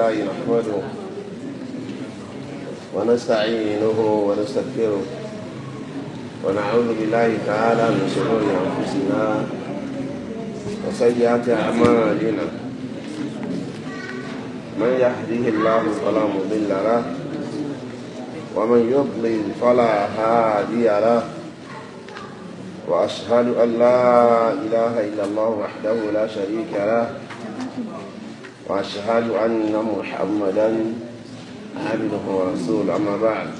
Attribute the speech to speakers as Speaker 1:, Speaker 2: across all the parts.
Speaker 1: الله نحمده ونستعينه ونستغفره ونعوذ بالله تعالى من شرور أنفسنا وسيئات أعمالنا من يهديه الله فلا مضل له ومن يضلل فلا هادي له وأشهد أن لا إله إلا الله وحده لا شريك له وأشهد أن محمدا عبده ورسوله أما بعد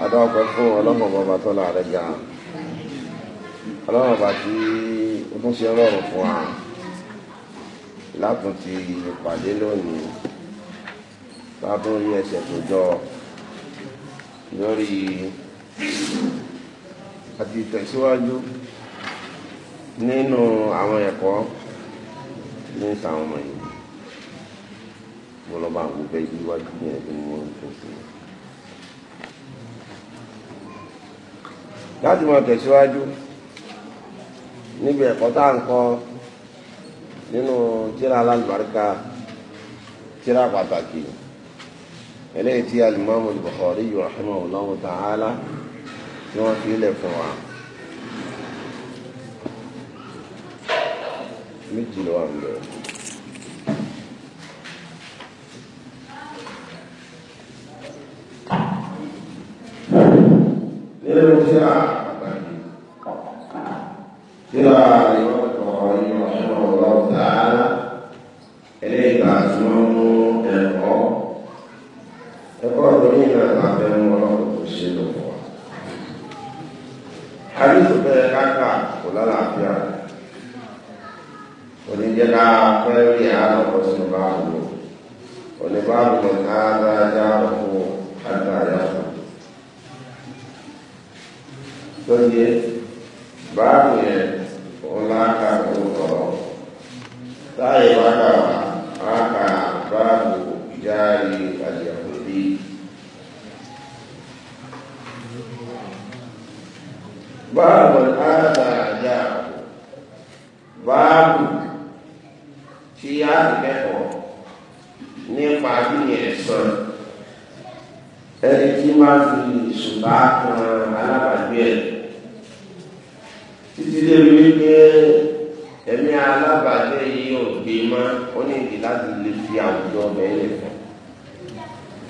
Speaker 1: أدعوك الفو ولما بابا طلع رجع ọlọ́run bá tí ó tún ṣe ọlọ́run fún wa látún ti pàdé lónìí látún rí ẹsẹ̀ tó jọ lórí àti tẹ̀síwájú nínú àwọn ẹ̀kọ́ ní ìtàn ọmọ yìí mo lọ máa wo bẹ́ẹ̀ yíwájú yẹn bí mo ń tó sí. láti máa tẹ̀síwájú níbi ẹ̀kọ́ tá à ń kọ́ nínú tírà alálùbáríkà tírà pàtàkì eléyìí tí alimami Bukhari rahimahullahu ta'ala tí wọ́n fi lẹ̀ fún wa. méjì ló wà ń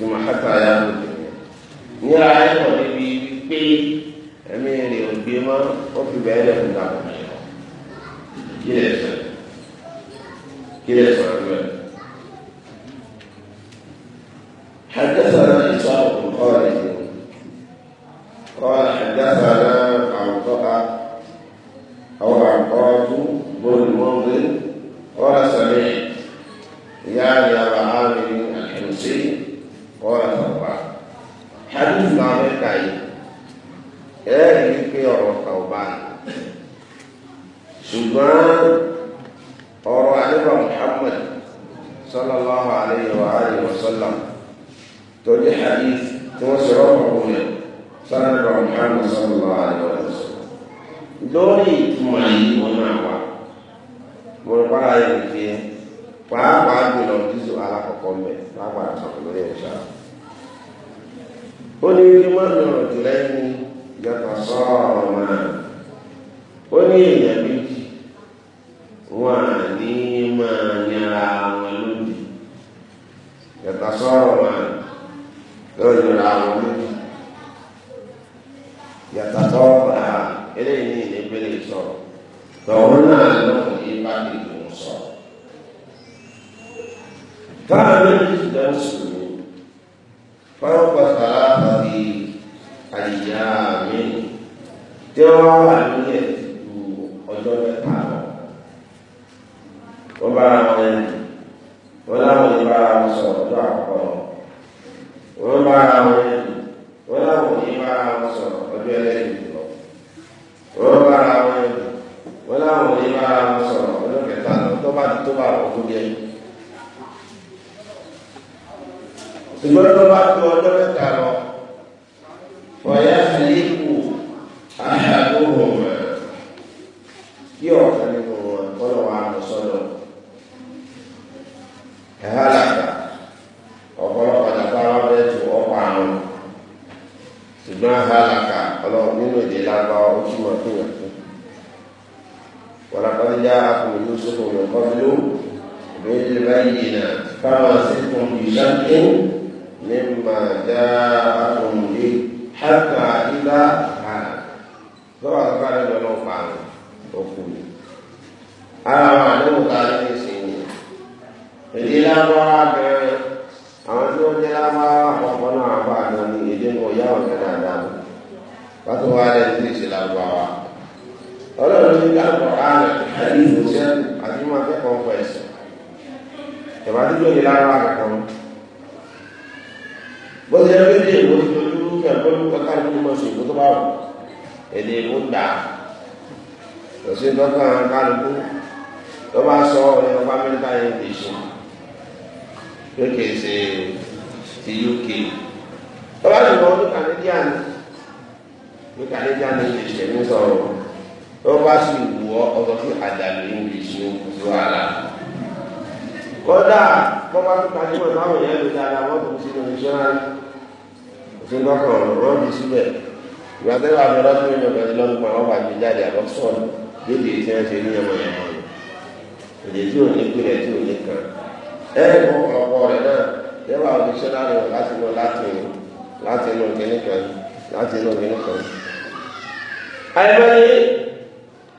Speaker 1: ní mahata ya ló dé yẹn ní ayé kan níbi wípé ẹ̀mí rẹ̀ ò gbé mọ́ ó fi bẹ́ẹ̀ lẹ́kùn dàgbà yẹn kí lè sọ bá rọ̀ tó jẹ. ṣùgbọ́n tó bá tó ọjọ́ mẹ́ta lọ wọ̀nyẹ́.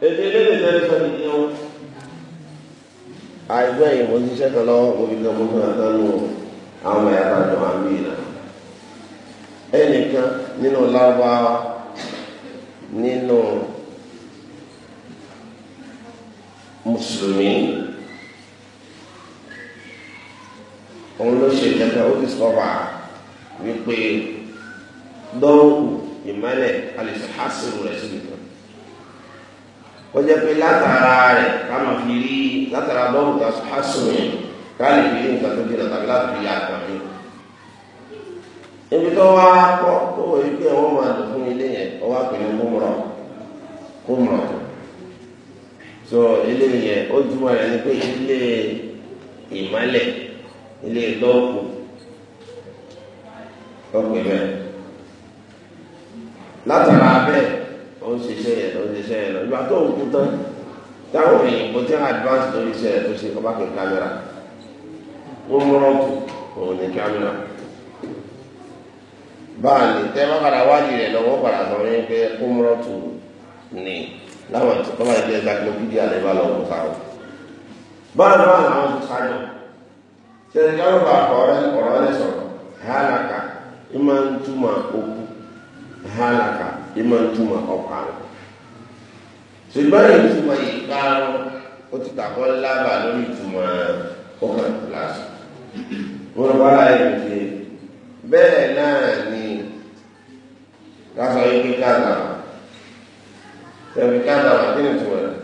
Speaker 1: ètò eléyìí tẹ́lẹ̀ sọ ní ní o. àìgbẹ́ yìí mo ṣiṣẹ́ kan lọ́wọ́ mo fi kan mo fi hàn tán nù àwọn ẹ̀yà tá a jọ àmì ìlà. ẹnìkan nínú lárúbáwá nínú mùsùlùmí òun ló ṣe ìjẹta ó ti sọ̀rọ̀ wípé dọ́wọ́ ìmọ̀lẹ̀ alẹ́ sàásìrò rẹ̀ síbi kan ó jẹ́ pé látara rẹ̀ ká máa fi rí látara lọ́rùn tá a sùn yẹn ká lè fi rí nǹkan tó jìnnà tàbí láti fi yà àgbà ibi tó wá kọ́ tó wọ ibi ẹ̀wọ̀n máa dùn fún ilé yẹn ó wá pè ní kúmùrọ̀ kúmùrọ̀ so ilé yẹn ó túmọ̀ rẹ̀ ni pé ilé ìmọ̀lẹ̀ ilé lọ́ọ̀kù ọ̀pẹ̀ bẹ́ẹ̀ látara bẹ́ẹ̀ ó ṣiṣẹ́ yẹn lọ ó ṣiṣẹ́ yẹn lọ ìgbà tó ń kú tán táwọn òyìnbó tí wọn advance lórí iṣẹ́ yẹn tó ṣe ọba kẹ kámẹ́rà wọn mọ́rọ́ tù òun ní kámẹ́rà báàlì tẹ́ bá padà wádìí rẹ̀ lọ́wọ́ padà sọ wọn pé ó mọ́rọ́ tù ní láwọn tó bá jẹ́ encyclopedia lè bá lọ wọ́n sáwọn báàlì báàlì àwọn tó sáyọ ṣe é ọ̀rọ̀ ẹ̀ sọ̀rọ̀ hálàkà ìmọ̀ ń túmọ̀ òkú hálàkà ìmọ̀ ìtumọ̀ ọ̀pá rẹ̀ ṣùgbọ́n ìtumọ̀ ìparun ó ti kàkọ́ lábà lórí ìtumọ̀ ọkàn kìláàsì wọn lọ bá láyé nìké bẹ́ẹ̀ náà ni kásọ yìí kádà tẹ̀wé kádà kí ni ìtumọ̀ rẹ̀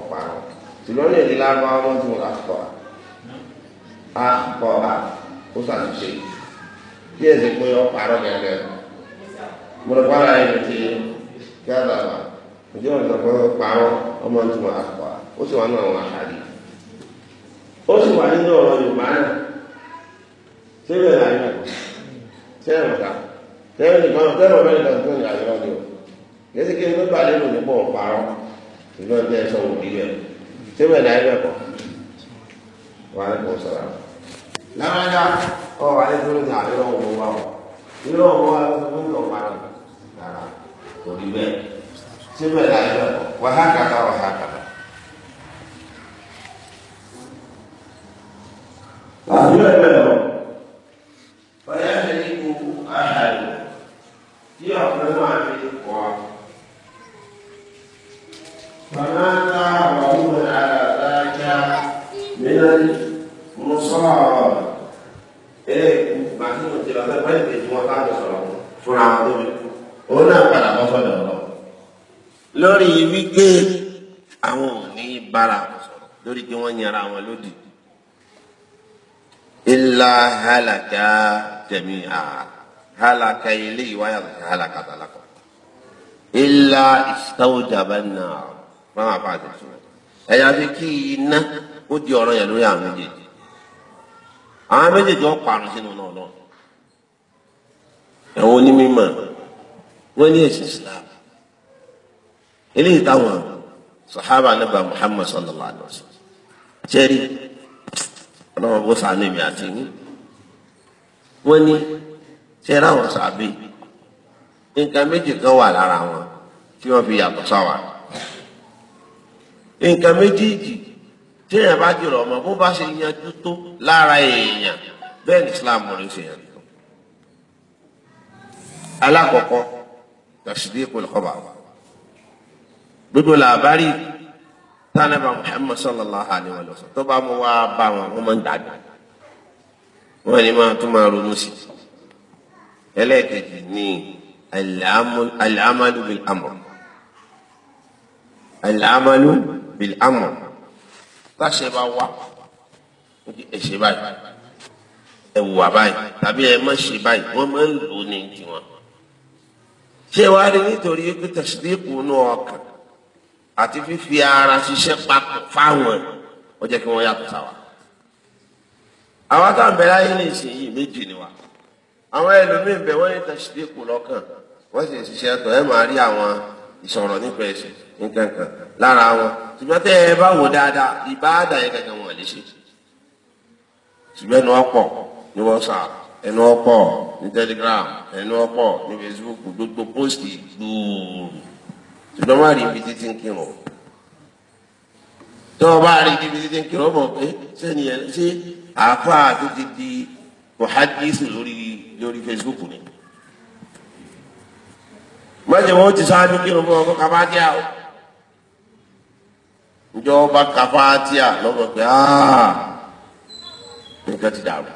Speaker 1: ọ̀pá rẹ̀ ṣùgbọ́n ní èdè lágbára wọn tún àkọ́ àkọ́ ó ṣàtúnṣe bí ẹ̀sìn pé ọ̀pá rẹ̀ gẹ́gẹ́ mọlọpàá rẹ ti kí á dàgbà ojú ọ̀nà tó kọ́ parọ́ ọmọ tó máa àpà ó sì wà nínú àwọn àkàdé ó sì wà nínú ọ̀rọ̀ Yorùbá náà síbẹ̀ láyé náà sẹ́yìn ọ̀gá sẹ́yìn nìkan sẹ́yìn ọ̀gá nìkan tó ní àyọ̀ ni o yẹ́sì kí n tó balẹ̀ lò nípò ọ̀parọ́ ìlú ọjọ́ ẹ̀sọ́ wò ní bẹ́ẹ̀ síbẹ̀ láyé náà kọ́ wà ní kò sọ̀rọ̀ lámàdá ọ̀ wà ní tó ní àyọ̀ ọ̀gbọ̀n wa ọ̀ nínú ọ̀gbọ̀n wa ló ń tọ̀ parọ́ kò bẹ́ẹ̀ síbẹ̀ láì bẹ̀ wàhákàtà wàhákàtà. àbúrò ẹ̀ halaka jami'a halaka ilé ìwáyà halaka tàlákọ ilá ìsítàwùjàbá náà wọn àfa àtẹtù ẹyà fi kí iná ó di ọ̀rọ̀ yẹn lórí àwọn méjèèjì àwọn méjèèjì wọn parun sínú náà náà àwọn onímọ̀ wọn ní èsì islam eléyìí táwọn sahaba anaba muhammad sallallahu alaihi wa sallam ṣe rí ọlọ́wọ́ bó sànú àti yín wọ́n ní ṣe ráwọn sàbí nǹkan méjì kan wà lára wọn tí wọ́n fi yàtọ̀ sáwà nǹkan méjèèjì téèyàn bá jùlọ ọmọ bó bá ṣe yanjú tó lára èèyàn bẹ́ẹ̀ ní Islam rẹ̀ ṣe yanjú tó. alákọ̀ọ́kọ́ tasdiqul khabar gbogbo làbárí tánàbà Muhammad sallallahu alayhi wa sallam tó bá mú wá bá wọn wọ́n máa ń dàgbà wọn ni máa tún máa ronú sí ẹlẹ́ẹ̀kejì ní al-amalu bil-amr al-amalu bil-amr táṣẹ bá wà ó di ẹ̀ṣẹ̀ báyìí ẹ wà báyìí tàbí ẹ má ṣe báyìí wọ́n máa ń lò ó ní tiwọn ṣé wàá rí nítorí pé tẹ̀sídẹ́kù nù ọkàn àti fífi ara ṣiṣẹ́ papọ̀ fáwọn ó kí wọ́n yàtọ̀ sáwọn àwọn akáǹbẹ̀rẹ̀ ayé lè ṣe yìí méjì ni wa àwọn ẹlòmíín bẹ wọ́n ní tàṣídé kù lọ́kàn wọ́n sì ṣiṣẹ́ tọ̀ ẹ máa rí àwọn ìsọ̀rọ̀ nípa ẹ̀sìn nǹkan kan lára wọn ṣùgbọ́n tẹ́ ẹ bá wò dáadáa ìbáàdà yẹn kankan wọn lè ṣe ṣùgbọ́n ẹnu ọ̀pọ̀ ní WhatsApp ẹnu ọ̀pọ̀ ní Telegram ẹnu ọ̀pọ̀ ní Facebook gbogbo pósìtì gbòòrò ṣùgbọ́n má rí ibi títí ń kírun tó o bá rí ibi títí ń kírun ọmọ pé sẹ́ni ẹ̀ ṣé àáfàá tó ti di mọ̀hájísù lórí lórí Facebook ni. mọ̀jẹ̀ wọn ti saa kí ló mọ ọkọ kàfáàtíà o. njọ́ ọba kàfáàtíà lọ́mọ pé nǹkan ti dàrú.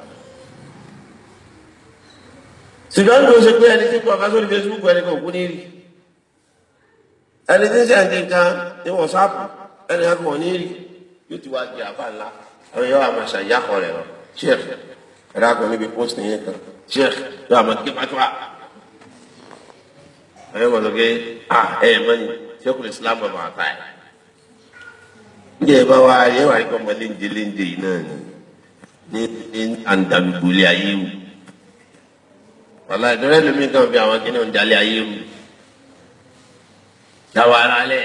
Speaker 1: ṣùgbọ́n ní ṣe pé ẹni tí kò sórí Facebook ẹni kò kú ẹni tí ń ṣe àwọn yóò àmọ ṣàyàkọ rẹ lọ sheikh ẹ̀rọ àgbọn níbi post yẹn kan sheikh yóò àmọ kí pàtó à ẹ̀rọ mọ̀ lóge à ẹ̀yẹ mọ́ ni sheikh lè islam bọ̀ máa ta ẹ̀. ǹjẹ́ ẹ bá wa ẹ wà ní kọ́mọ léńjẹ léńjẹ yìí náà ni ní ní àǹdàlùbọ̀lì ayé wù wàlá ìdúró lómi kan fi àwọn kìnìún jalè ayé wù dáwọ́ ara lẹ̀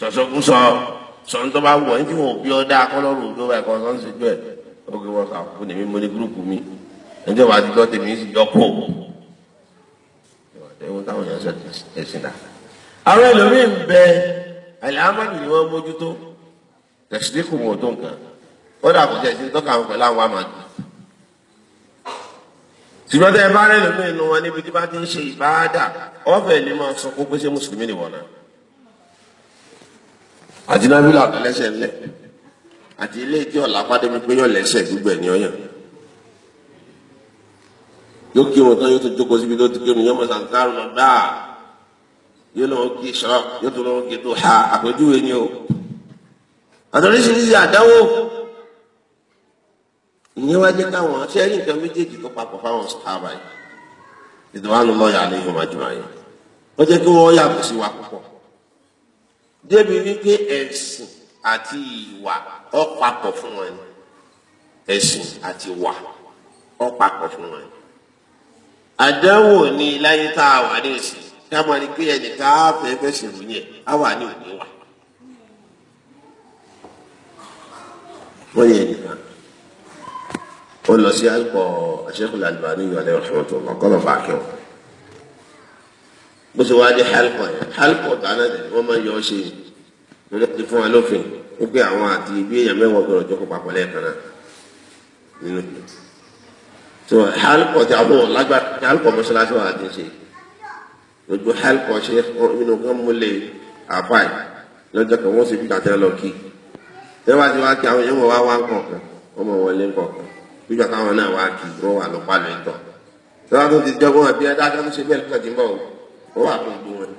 Speaker 1: sọ̀sọ̀kú sọ. So, sọ̀rọ̀ tó bá wọ̀ ní tí wọn ò bí ọdá akọ́lọ́rù tó bá ẹ̀kọ́ sọ́n sí jọ ẹ̀ ó kí wọ́n kà fún èmi mo ní gúrùpù mi ẹjọ́ bá ti gbọ́ tèmi sì yọ kó ẹ̀wọ̀n táwọn èèyàn sọ̀tì ẹ̀sìn dà. àwọn ẹlòmíín bẹ àlàámàdù ni wọ́n mójútó tẹ̀sídẹ́kù wọn tó nǹkan ó dà kó tẹ̀sí tọ́ka wọn pẹ̀lú àwọn àmàdù. ṣùgbọ́n tẹ́ àti nábìlà ọ̀dọ́lẹ́sẹ̀ ńlẹ̀ àti ilé ìdí ọ̀la pàdémi pé yọ̀ lẹ́sẹ̀ gbogbo ẹ̀ ní ọ̀yàn yóò kí wọn tán yóò tó jókòó síbi tó ti kí wọn yóò mọ sàǹkárù lọ dáa yóò lọ́wọ́ kí sọ́ọ̀ yóò tó lọ́wọ́ kí tó ha àpèjúwe ni o àtọ́lẹ́sìlẹ́sì àdáwò ìyẹn wá jẹ́ káwọn ṣe é rí nǹkan méjèèjì tó papọ̀ fáwọn sàhábà yìí ìdùnnú àlọ́ lọ́ọ̀yà àlẹ́ yìí wọ́n máa jùmọ̀ yìí wọ́n jẹ́ kí wọ́n yàgò sí wa púpọ̀ débi wípé ẹ̀sìn àti ìwà ọ̀pàpọ̀ fún wọn ni ẹ̀sìn àti ìwà ọ̀pàpọ̀ fún wọn ni. àdánwò ni láyé tá a wà ní ìsìn ká mọ̀ ní pé ẹnìkan á fẹ́ fẹ́ sìnrù yẹn á wà ní òní wà. wọ́n yẹ nìkan ó lọ sí àgbọ̀ àṣẹ́kùnlé àlùbáyé yọ̀ọ́lẹ́ ọ̀ṣun ọ̀tún ọ̀kọ́ lọ́ba akẹ́wọ̀n bó ṣe wá dé halkọ yẹn halkọ tààlà dẹ wọn máa yọ ọ ṣe wọn máa ti fún wa lófin wípé àwọn àti ibi èèyàn mẹ́wàá gbọ́dọ̀ jókòó papọ̀ lẹ́ẹ̀kan náà nínú so halkọ tí a bọ lágbára halkọ mọ́ṣáláṣí wa ti ṣe gbogbo halkọ ṣe nínú kan múlẹ àbáyé lọ́jọ́ kan wọn sì bí kàtẹ lọ kí tẹwàá ti wá kí àwọn èèyàn mọ wá wá nǹkan wọn mọ wọlé nǹkan gbígbà táwọn náà wá kí wọn wà lọ pálọ ìtọ tẹwàá ti jọ ó wà tó gbó wọn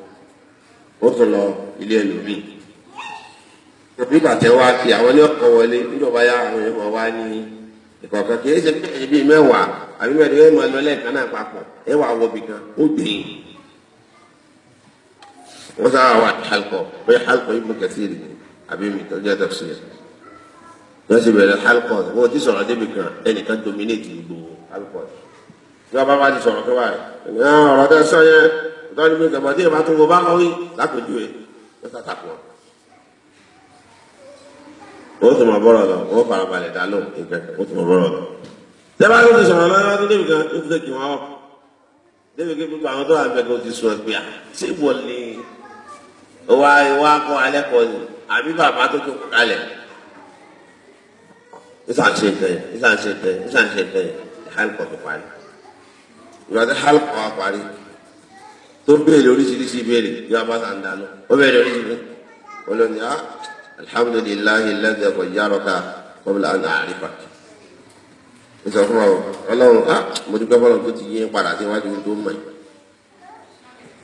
Speaker 1: ó tún lọ ilé ẹlòmíì òbí bàtẹ wá kí àwọn ní ọkọ wọlé níjọba yá àwọn èèyàn wọn wá ní ìkọ̀ọ̀kan kì í ṣe bí ẹbí mẹ́wàá àbí mẹ́rin ẹ̀ máa lọ lẹ́ẹ̀kan náà papọ̀ ẹ̀ wà wọ bìkan ó gbìn wọ́n sábà wà ní halkọ̀ bẹ́ẹ̀ halkọ̀ yìí mú kẹsí rè àbí mi tọ́jú ẹ̀ tọ́sí rẹ̀ wọ́n sì bẹ̀rẹ̀ halkọ̀ wọ́n ti sọ̀rọ̀ débi kan ẹnìkan dominate gbogbo halkọ̀ yìí wọ́n bá bá ti sọ̀rọ̀ ìtàn ní gbẹgbẹ tí ìbá tún wo bá wí lápèjú ẹ ó sàtàkùn ó sì mọ bọ́rọ̀ lọ ó farabalẹ̀ dá lóhùn ìgbẹ́kẹ̀ ó sì mọ bọ́rọ̀ lọ. tẹ́lá ló ti sọ̀rọ̀ lọ́wọ́ tó débi kan ó ti fẹ́ kí wọ́n débi kí gbogbo àwọn tó wà bẹ́ẹ̀ kó ti sọ ẹ̀ pé ṣé ìwọ ni wa wa kọ́ alẹ́ kọ́ ni àbí bàbá tó tó kọ́ kalẹ̀ ìsànṣe tẹ ìsànṣe tẹ ìsànṣe tẹ tó béèrè oríṣiríṣi béèrè yóò bá ta ń dáná ó béèrè oríṣiríṣi wọn lọ ní a alhamdulilayi lẹ́dẹ̀ẹ́ kò yára ká kọ́bílà àná àrífà n sọ fún wa o ọlọ́run a ah, mo dúpẹ́ fọlọ́n tó ti yín padà síwájú tó mọ̀ yìí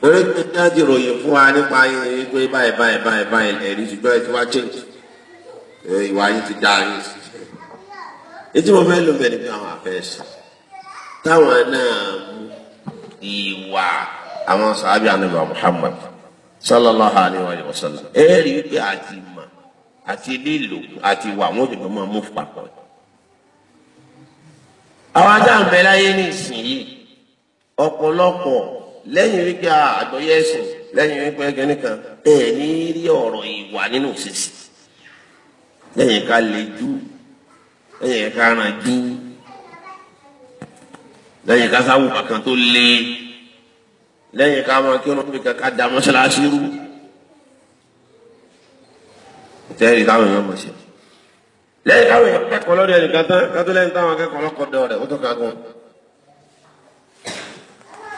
Speaker 1: torí pé ní àti ròyìn fún wa nípa yín ní pé báyìí báyìí báyìí báyìí ẹ̀rí ṣùgbọ́n ẹ̀ tí wá change ìwà yín ti dáa yín sí etí mo fẹ́ lò bẹ́ẹ̀ ni pé àwọn àfẹ́ sùn táwọn náà mú ìwà. àwọn sàábì ànábà Muhammad sallallahu alayhi wa sallam ẹ rí i pé àti mà àti lílo àti wà wọn jùlọ máa mú papọ̀. àwọn ajá ń bẹ láyé ní ìsinyìí ọ̀pọ̀lọpọ̀ lẹ́yìn wípé àgbọ̀yé ẹ̀sìn lẹ́yìn wípé ẹgẹ́ni kan ẹ̀ ní rí ọ̀rọ̀ ìwà nínú òṣìṣì lẹ́yìn ká lè jú lẹ́yìn ká lẹ́yìn ká máa kírun bí kankan da mọ́ṣáláṣí rú tẹ́rì táwọn èèyàn mọ̀ ṣe lẹ́yìn káwọn èèyàn kẹ́kọ̀ọ́ lọ́dọ̀ ẹnìkan tán kátó lẹ́yìn táwọn akẹ́kọ̀ọ́ lọ́kọ̀ọ́dọ̀ rẹ̀ ó tó ká gan.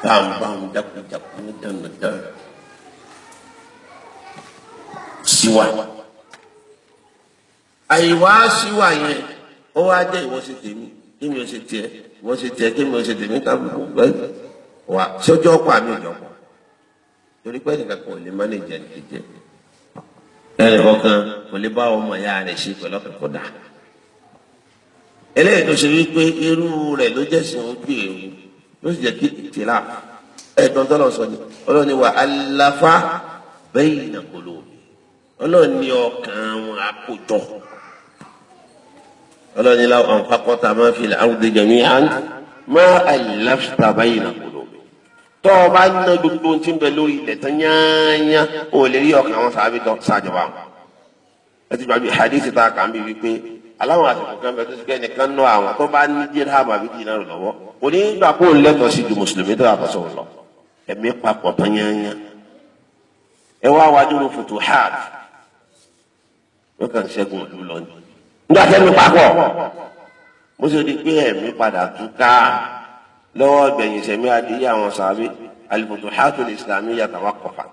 Speaker 1: bámbám jákujáku dandan síwá àyíwá síwá yẹn ó wá jẹ́ ìwọ́sẹ̀ tèmi kí mi ò ṣe tiẹ̀ ìwọ́sẹ̀ tiẹ̀ kí mi ò ṣe tèmi ká gbogbo gbẹ́gbẹ́ wa sójú ọkọ àmì ìjọpọ torí pé nìkan kan ò lè má lè jẹ jẹ ẹnì kọ̀ọ̀kan kò lè bá ọmọ ìyá rẹ̀ ṣe pẹ̀lú ọkàn kó dà eléyìí tó ṣe wípé irú rẹ̀ ló jẹ́ sìn ojú èrú ló sì jẹ́ kí ìtìlá ẹ̀gbọ́n tọ́lọ̀ sọ ni ọlọ́run ni wà aláfa bẹ́yìn náà kò lò mí ọlọ́run ni ọkàn wọn àkójọ ọlọ́run ni láwọn àǹfààkọ́ta máa fi làwọn dèjọ́ mi hàn máa àyìnlá fìtà bẹ́yìn náà kò lò tọ́ ọ bá ná gbogbo ohun tí ń bẹ lórí ilẹ̀ tán yáányá o lè rí ọkàn àwọn sàábì tán ṣàjọba ẹ ti gbàgbé hadith tá a kà ń bí wípé aláwọn àsìkò kan bẹ tó ti kẹ́ nìkan nọ àwọn tó bá ní dirham àbí dinar lọ́wọ́ onígbà kó ń lẹ́tọ̀ọ́ sí ju mùsùlùmí tó yàtọ̀ sọ̀rọ̀ lọ ẹ̀mí papọ̀ tán yáányá ẹ wá wájú ní futuhat wọ́n kàn ṣẹ́gun ìlú lọ́nà nígbà tẹ́mi papọ̀ mo sì rí i pé lọ́wọ́ gbẹ̀yìn sẹ̀mí adìyẹ àwọn sàbí al-futuhatul islamiyya tawaqqafat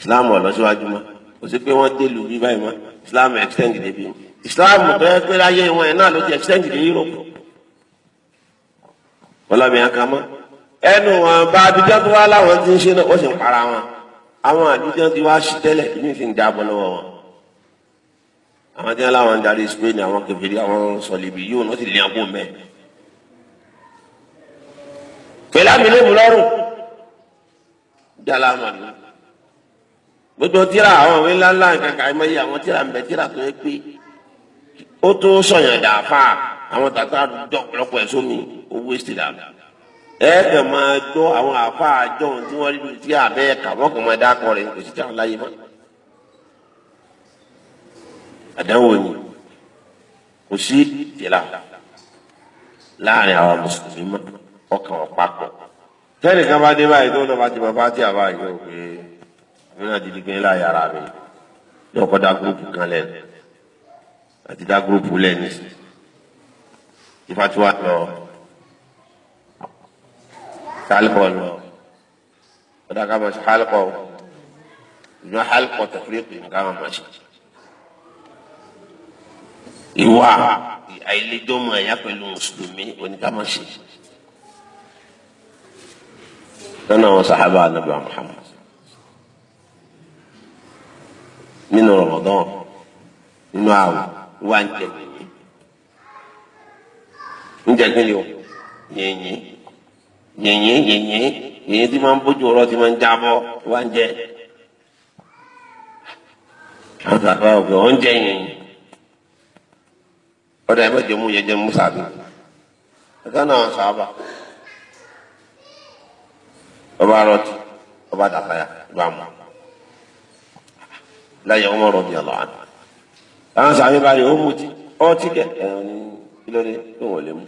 Speaker 1: islam ọ̀lọ́síwájú mọ́ kò sí pé wọ́n délu bí báyìí mọ́ islam extend débi islam tó yẹ pé láyé wọn ẹ̀ náà ló ti extend dé Europe ọlọ́mìyàn kan mọ́ ẹnu wọn bá abidjan tó wá láwọn ti ń ṣe náà ó sì ń para wọn àwọn abidjan ti wá sí tẹ́lẹ̀ ìmí fi ń lọ́wọ́ wọn àwọn tí wọn láwọn ń darí Spain àwọn kẹfìrí àwọn sọlìbì yóò náà ti lè àbò mẹ́ẹ̀ pẹ̀lá mi ló mú lọ́rùn dàlámà ni gbogbo tíra àwọn òwe ńláńlá nǹkan kan ẹ̀mọ́ yìí àwọn tíra ń bẹ tíra tó yẹ pé ó tó sọ̀yàn dàáfà àwọn tata dọ̀pọ̀lọpọ̀ ẹ̀ sómi owó èsì dà ẹ kàn máa gbọ́ àwọn àfa àjọ tí wọ́n rí lu tí abẹ́ kàwọ́ kàn máa dákọ̀ rẹ̀ kò sí tíra láyé mọ́ àdánwò ni kò sí tíra láàrin àwọn mùsùlùmí mọ́ ọkàn papọ̀ tẹ́nìkan bá dé báyìí tó ń lọ́ba ti mọ bá tí a bá yọ pé mi náà dídí pé láyà ara mi yóò kọ́ dá gúrúùpù kan lẹ̀ àti dá gúrúùpù lẹ̀ ní ìfàtúwà lọ sálíkọ̀ lọ ọ̀dà ká mọ̀ sí hálíkọ̀ ìyọ́ hálíkọ̀ tẹ̀fúrẹ́pì nǹkan mọ̀ sí ìwà àìlèjọ́mọ̀ ẹ̀yà pẹ̀lú mùsùlùmí oníkàmọ̀ṣe nínú àwọn sàhábà ànábì wa Muhammad nínú Ramadan nínú àwọ̀ wà ń jẹ gbìyànjú ń jẹ gbìyànjú yẹnyẹn yẹnyẹn yẹnyẹn yẹnyẹn tí máa ń bójú ọ̀rọ̀ tí máa ń jábọ́ wà ń jẹ àwọn sàhábà òkè ọ̀ ń jẹ yẹnyẹn ọ̀dà ẹ̀ mẹ́jọ mú yẹn jẹ mú sàbí ẹ̀ka náà sàhábà ọba rọtì ọba dàtàyà ìbá mu láyé ọmọ rọbì ọlọ àná àwọn sàmì báyìí ó mutí ọtí kẹ ẹ̀hún kí ló dé tó wọ́n lè mú.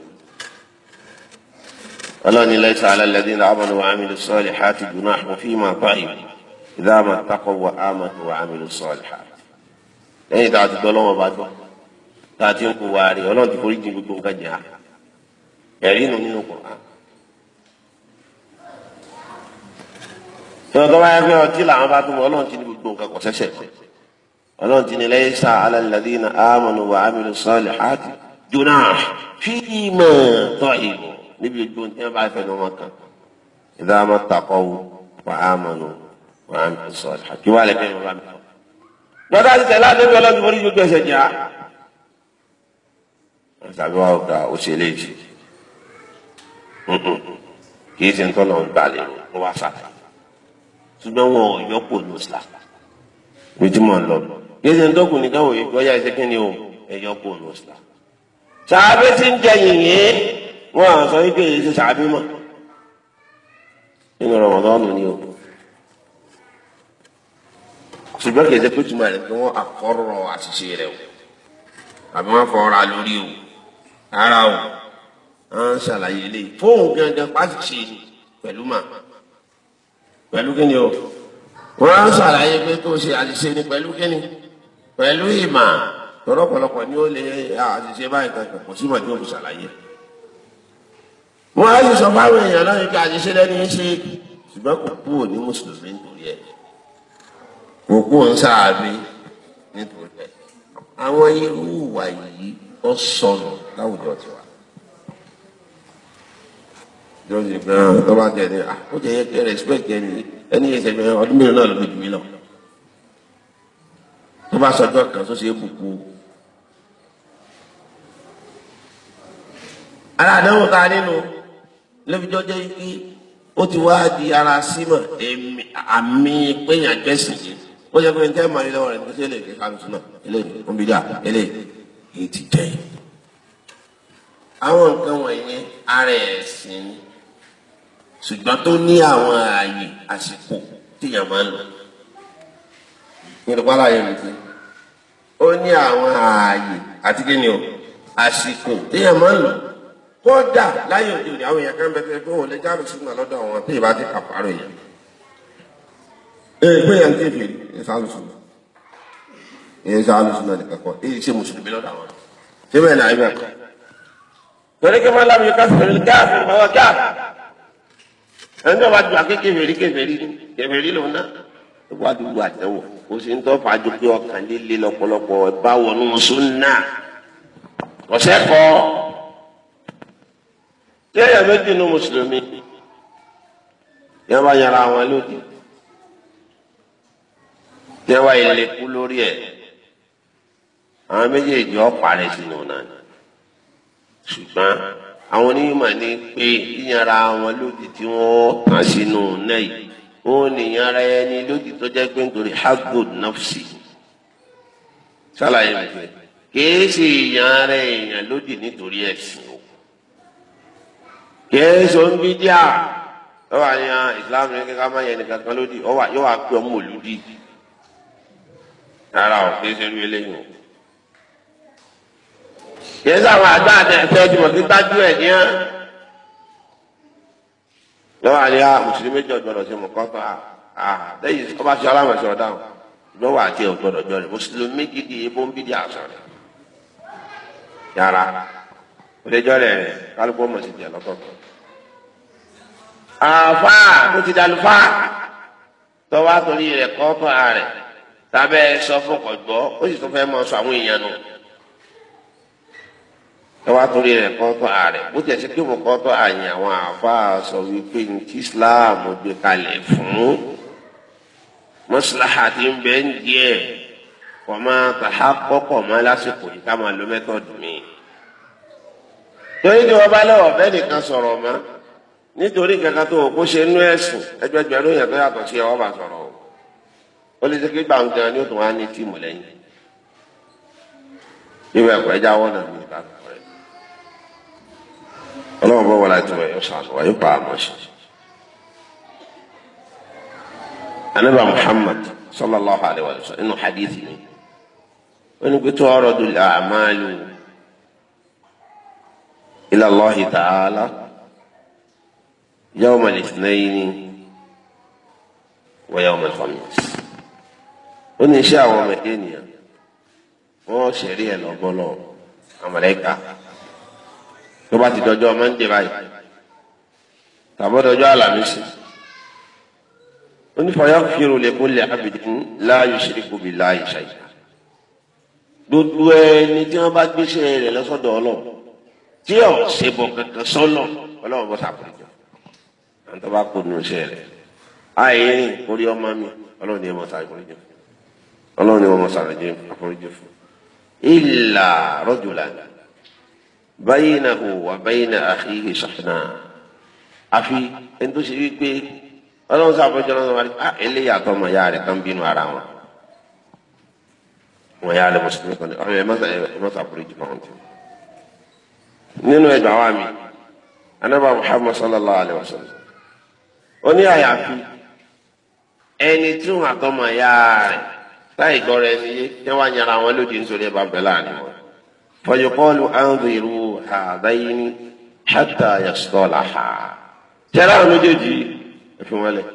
Speaker 1: ọlọ́ni lẹ́sà alẹ́ lẹ́dín náà amanu wa amilu salihati junahun fima ta'im idha ma taqaw wa amanu wa amilu salihati. lẹ́yìn tá a ti gbọ́ bá gbọ́ tá a ti ń kó wa ọlọ́run ti forí jìn gbogbo nǹkan jẹ́ ẹ̀rí nù nínú Kùránì. tọ́wọ́ tó bá yẹ pé ọtí làwọn bá tún mọ ọlọ́run ti ní gbogbo nǹkan kọ̀ sẹ́sẹ̀ ọlọ́run ti ní laysa ala alladhina amanu wa amilu salihati junah fima ta'ibu níbi gbogbo ní ẹ bá fẹ́ wọn kan idha mattaqaw wa amanu wa amilu salihati kí wàá lẹ́gbẹ̀ẹ́ wọn bá mi kọ́. gbọ́dọ̀ àti tẹ̀lé àdébí ọlọ́run ti forí gbogbo ẹ̀sẹ̀ jà ṣùgbọ́n wọn ò yọpò ní islam ibi tí lọ yéṣe ń dọ́kun ní káwọn èèyàn ẹsẹ̀ kí ni o ẹ yọpò ní islam sàábé tí ń jẹ yìnyín wọn à sọ wípé èyí ti sàábé mọ nínú rọmọdọ́nù ni o ṣùgbọ́n kì í ṣe pé tuma rẹ̀ pé wọ́n àkọ́rọ̀ àṣìṣe rẹ̀ o àbí wọ́n fọ́ra lórí o rárá o wọ́n ń ṣàlàyé lé fóun gangan pàṣẹ pẹ̀lú màá pẹ̀lú kíni o wọ́n á ṣàlàyé pé tó ṣe àṣìṣe ni pẹ̀lú kíni pẹ̀lú ìmà tọ́lọ́pọ̀lọpọ̀ ni ó lè àṣìṣe báyìí kankan kò sí màdí òun ṣàlàyé wọ́n á sì sọ fáwọn èèyàn náà wípé àṣìṣe lẹ́ni ṣe ṣùgbọ́n kò kú òní mùsùlùmí nítorí ẹ̀ kò kú òun sáàbí nítorí ẹ̀ àwọn irú ìwà yìí ó sọnù láwùjọ tiwa jọ́sìn gan-an tó bá tẹ̀lé à ó jẹ́ yẹ kí ẹ respect ẹni ẹni yẹn sẹ́gbẹ́ ọdún mélòó náà ló lójú mi lọ. tó bá sọjọ́ kan tó ṣe é bùkún o. ara àdánwò ta nínú lẹ́fíjọ́ jẹ́ kí ó ti wá di ara símọ̀ àmì péyàn jẹ́sìn yìí ó yẹ kó n tẹ́ màá ní lọ́wọ́ rẹ̀ ní sẹ́lẹ̀ kí kálukú náà eléyìí ó ń bí dáa eléyìí èyí ti jẹ́ àwọn nǹkan wọ̀nyí ara ẹ̀sìn ni ṣùgbọ́n tó ní àwọn ààyè àsìkò téèyàn máa ń lò nítorí ààyè mi ti ó ní àwọn ààyè àti kí ni o àsìkò téèyàn máa ń lò kódà láyé òde òde àwọn èèyàn kan bẹ tẹ pé òun lè jáde sínú àlọ́dọ̀ àwọn tí ìbá ti kàpárò yẹn ee gbé yẹn ti fèrè ẹ sáàlù sùn ẹ sáàlù sùn náà nìkan kọ ẹ ṣe mùsùlùmí lọ́dọ̀ àwọn ṣé bẹ́ẹ̀ náà ẹ bẹ́ẹ̀ kọ́. torí kí wọ́n lábẹ́ yóò ká sọ̀rọ̀ káàfin ìmọ̀wá káàfin ẹni tó bá gbà pé kèfèrí kèfèrí kèfèrí lòun náà wá dúró àtẹwò kò sí ń tọ́ fàájú pé ọkàn líle lọ́pọ̀lọpọ̀ ẹ bá wọnú súnà ọ̀sẹ̀ kọ́ kéèyàn méjì nínú mùsùlùmí yẹn bá yàrá àwọn lódì yẹn bá ilé kú lórí ẹ̀ àwọn méjèèjì ọ̀pá rẹ̀ sínú náà ṣùgbọ́n àwọn onímọ̀ ni pé yíyanra wọn lòdì tí wọ́n kàn sínú náà yìí wọ́n ní yíyanra ẹni lòdì tó jẹ́ pé nítorí hagod nafsi ṣàlàyé rẹ̀ kìí ṣe ìyànra èèyàn lòdì nítorí ẹ̀sìn o kìí ṣe ń bí díà ó wà ní islam ní kíkà máa yẹn nìkan kan lòdì ó wà yóò wá pé ọmọ òlùdí rárá o kìí ṣe irú eléyìí o kìí sáwọn àgbà àtẹ̀tẹ̀ mọ̀ sí tájú ẹ̀ ní án. lọ́wọ́ àríyá mùsùlùmí méjì ọ̀gbọ́dọ̀ sí mọ̀kọ́tọ̀ à lẹ́yìn ọba fi aláwọ̀ sọ̀rọ̀ dáhùn ìgbọ́n wà àti ọ̀gbọ́dọ̀ jọ rẹ̀ mùsùlùmí gidi ebó ń bídí àṣọ rẹ̀ yàrá òdejọ́ rẹ̀ rẹ̀ kálukú ọmọ sì jẹ lọ́kọ̀ọ̀kọ̀. àfa tó ti dàlúfà tọ́wá torí rẹ̀ kọ́tọ̀ àrẹ̀ tàbẹ́ sọ fún ọ̀gbọ́ ó sì tún fẹ́ mọ sọ àwọn èèyàn nù ẹ wá torí rẹ̀ kọ́ tó ààrẹ bó tiẹ̀ ṣe pé mo kọ́ tó àyìn àwọn àáfàá sọ wípé ní tí Islam gbé kalẹ̀ fún mọ́sálásá ti ń bẹ́ ń díẹ̀ kọ́ máa tàhá kọ́kọ́ máa lásìkò yìí ká máa lo mẹ́tọ̀dù mi. torí ni wọ́n bá lọ́wọ́ bẹ́ẹ̀ nìkan sọ̀rọ̀ mọ́ nítorí kankan tó o kó ṣe inú ẹ̀sùn ẹgbẹgbẹ̀rún yẹn tó yàtọ̀ sí ọwọ́ sọ̀rọ̀ o lè ṣe pé gbàǹkan ni ó tún wá ní tíìmù lẹ́yìn. ìwé ẹ̀kọ́ ẹja wọ́n náà ní ìbámu ọlọ́run bọ́ wọlé àtúwẹ̀ yóò sàánù wa yóò pa àmọ́ ṣe. anaba muhammad sallallahu alayhi wa sallam inú hadith mi ó ní pété ọrọ̀ dùn àmàlù ila Allahi ta'ala yawma al-ithnayni wa yawma al-khamis ó ní àwọn ọmọ ènìyàn wọ́n ṣẹ̀rí ẹ̀ lọ́gbọ́n lọ àmàlẹ́ka tó bá ti dọjọ́ mọ́ndé báyìí tàbí dọjọ́ àlàmísì onífàyà fìrò lè kó lè abidjan láàyò ṣèlékò bí láàyò ṣàyè gbogbo ẹni tí wọn bá gbéṣẹ rẹ lọsọ́dọ̀ Ọlọ́run tí ò ṣe bọ kankan sọlọ Ọlọ́run bọ sàkójọ àwọn tó bá kó nù ṣe rẹ ààyè orí ọmọ mi Ọlọ́run ni ẹ mọ sàkójọ Ọlọ́run ni wọn mọ sàkójọ àkójọ rọjò làǹdà baynahu wa bayna akhihi ṣàfihàn àfi ẹni tó ṣe wípé ọlọ́run sábọ́jọ́ náà wọ́n á eléyà tó ọmọ ìyá rẹ̀ kan bínú ara wọn wọn yà á lè mùsùlùmí kan ní ọmọ ẹ mọ́sà ẹ mọ́sà àforíjì máa ń tẹ̀. nínú ẹgbà wa mi anábà muhammad sallallahu alayhi wa sallam ó ní àyàfi ẹni tí wọn àtọmọ ìyá rẹ̀ láì gbọ́ rẹ̀ níye tí wọ́n á wọn lóde nítorí ẹ bá bẹ̀ láàrin wọn. fọyọkọ́lù anziru hàdáyìní hàtà yasọ́lá ha tẹ́lá àwọn méjèèjì ẹ̀fìn wọn lẹ̀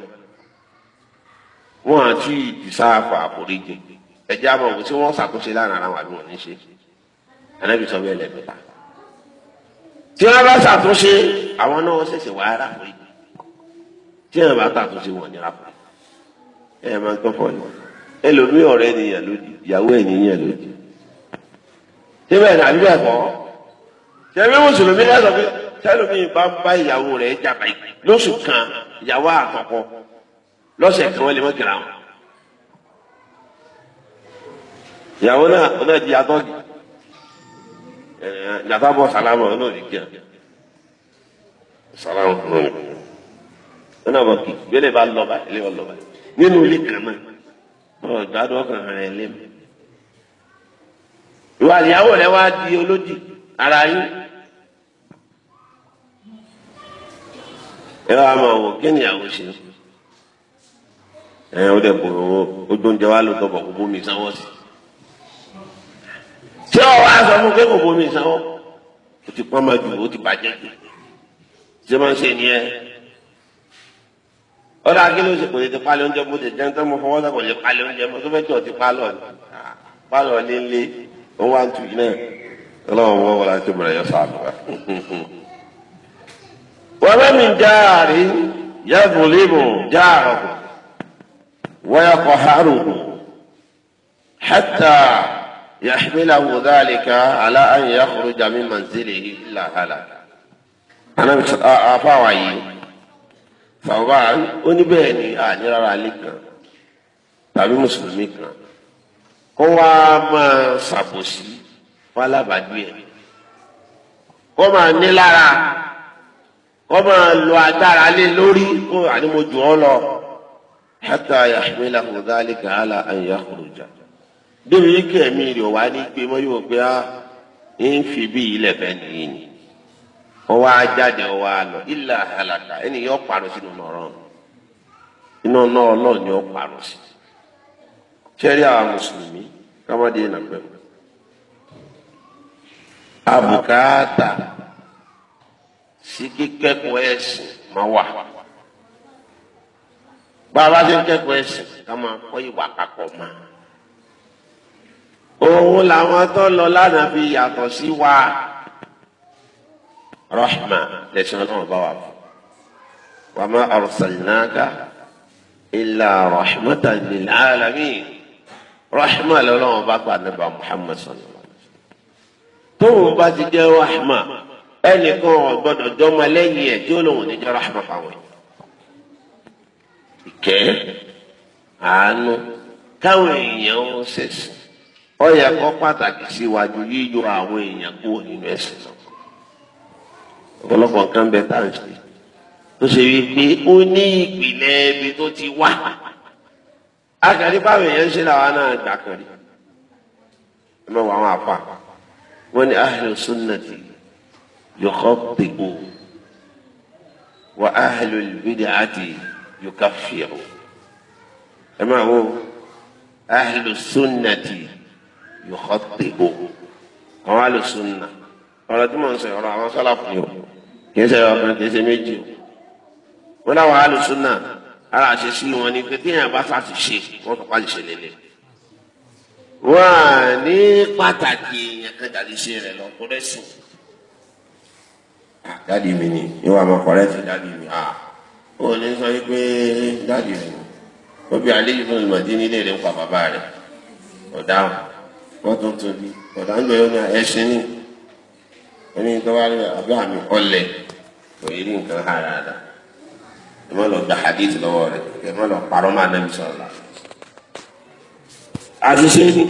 Speaker 1: wọn àti ìsáàfà àforíjì ẹ̀jẹ̀ àmọ̀ òkú tí wọ́n ṣàkóso láàrin ara wọn àbí wọn ní ṣe ànábì sọ bẹ́ẹ̀ lẹ́gbẹ̀ta tí wọ́n bá ṣàtúnṣe àwọn náà ṣẹ̀ṣẹ̀ wá ara àforíjì tí wọ́n bá ṣàtúnṣe wọn nira fún ẹ máa gbọ́ fọ́ ni ẹlòmíì ọ̀rẹ́ ènìyàn lòdì ìyàwó lòdì síbẹ̀ ní àbí bẹ́ẹ̀ kọ́ ṣebí mùsùlùmí lẹ́sọ̀ pé tẹ́lómi bá ń bá ìyàwó rẹ̀ jàmbá yìí lóṣù kan ìyàwó àkọ́kọ́ lọ́sẹ̀ kan wọ́n lè mọ́ gírà wọn. ìyàwó náà ọ̀nà di atọ́gì yàtọ̀ bọ̀ sàlámù ọ̀nà òdì kíá sàlámù ọ̀nà òdì kíá ọ̀nà bọ̀ kì bí ẹlẹ́ bá lọ bá ẹlẹ́ bá lọ bá nínú ilé kan náà ọ̀ gbádùn ọkàn rẹ̀ lé mi. ìwà ìyàwó rẹ̀ wá di olódì ara yín ẹ wá máa wọ kí nìyàwó ṣe ẹ ó dẹ bòrò wọn ojú oúnjẹ wa ló dọbọ kó bómi sanwó sí tí ọ wá sọ fún pé kò bómi sanwó o ti pọ́n máa jù ó ti bàjẹ́ jù ṣé máa ń ṣe nìyẹn ọlọ́ akíló ṣe kò lè ti palẹ̀ oúnjẹ bó ti jẹun tó mo fọwọ́ sọ lè palẹ̀ oúnjẹ mo tó fẹ́ tí ò ti palọ̀ ni ah, palọ̀ ni lé ó wá ń tu yìí náà ọlọ́wọ́ wọ́n wọ́n láti bẹ̀rẹ̀ yọ sànù wa. wọ́n bá mi jáàrí yàgò lébò jáàrò wọ́yà kọ́ hàrù hàtà yàhmìlà wùdálìkà àlà àyè yàkùrù jàmí mànzílì ìlà hàlà. àfàwà yìí fàwọn oníbẹ̀ẹ́ ni àníràrà lè kàn tàbí mùsùlùmí kan kó wá máa ṣàbòsí. wọn alábàádúyẹ kó máa ní lára kó máa lo agbára lé lórí kó ànímojù ọ lọ hátà yàhmílà kùdálì kàálà àyà kùrùjà débi yìí kẹmí rẹ ní pé wọn yóò á ah, ń fi bí ilẹ̀ fẹ́ nìyí ajáde ẹni yọ parọ́ sínú iná náà ni ọ parọ́ sí. àwọn mùsùlùmí abùkátà sí kíkẹ́kọ̀ọ́ ẹ̀sìn máa wà bá a bá ti ń kẹ́kọ̀ọ́ ẹ̀sìn ká máa kọ́ ìwà papọ̀ mọ́ òun làwọn tó lọ lánàá fi yàtọ̀ sí wa rahma lẹ́sìn ọlọ́run bá wà fún wa ma arsalnaka illa rahmatan alamin rahma lọ́lọ́run bá gbà nípa muhammad sallallahu tóun bá ti jẹ́ rahma ẹnìkan ọ̀gbọ́dọ̀ jọmọ lẹ́yìn ẹ̀ tí ó lòun ní jẹ́ rahma fáwọn. ìkẹ́ àánú káwọn èèyàn ń ṣẹ̀sìn ó yẹ kó pàtàkì síwájú yíyọ àwọn èèyàn kúrò nínú ẹ̀sìn náà. ọ̀pọ̀lọpọ̀ nǹkan bẹ tá à ń ṣe tó ṣe wípé ó ní ìpìlẹ̀ ibi tó ti wá. akàrí báwọn èèyàn ń ṣe làwọn náà gbà kan rí. ẹ mọ̀ wọ àwọn àfa wọ́n ní ahlu sunnati yukhati'u wa ahlu bid'ati yukaffiru ẹ máa wo ahlu sunnati yukhati'u àwọn ahlu sunna ọ̀rọ̀ tí mo ń sọ ọ̀rọ̀ àwọn sálàfù yìí o kì í ṣe ọkàn kì í ṣe méjì o wọ́n láwọn ahlu sunna ara àṣeṣí wọn ni pé téèyàn bá fà ti ṣe wọ́n tó pa ti ṣe lélẹ̀. Wà ní pàtàkì ṣe rẹ lọ ni ìwọ àmọ́ mi ní sọ pé dáàdi mi ó fún ìmọ̀dé nílé rẹ̀ ń pa bàbá rẹ̀ ọ̀daràn wọ́n tó tóbi ọ̀daràn gbẹ̀yọ́ ní ẹṣin ní ẹni tó wá rí O àmì ọ̀lẹ̀ kò yí ní nǹkan hàrà àdá ẹ má lọ gba hadith àṣìṣe ni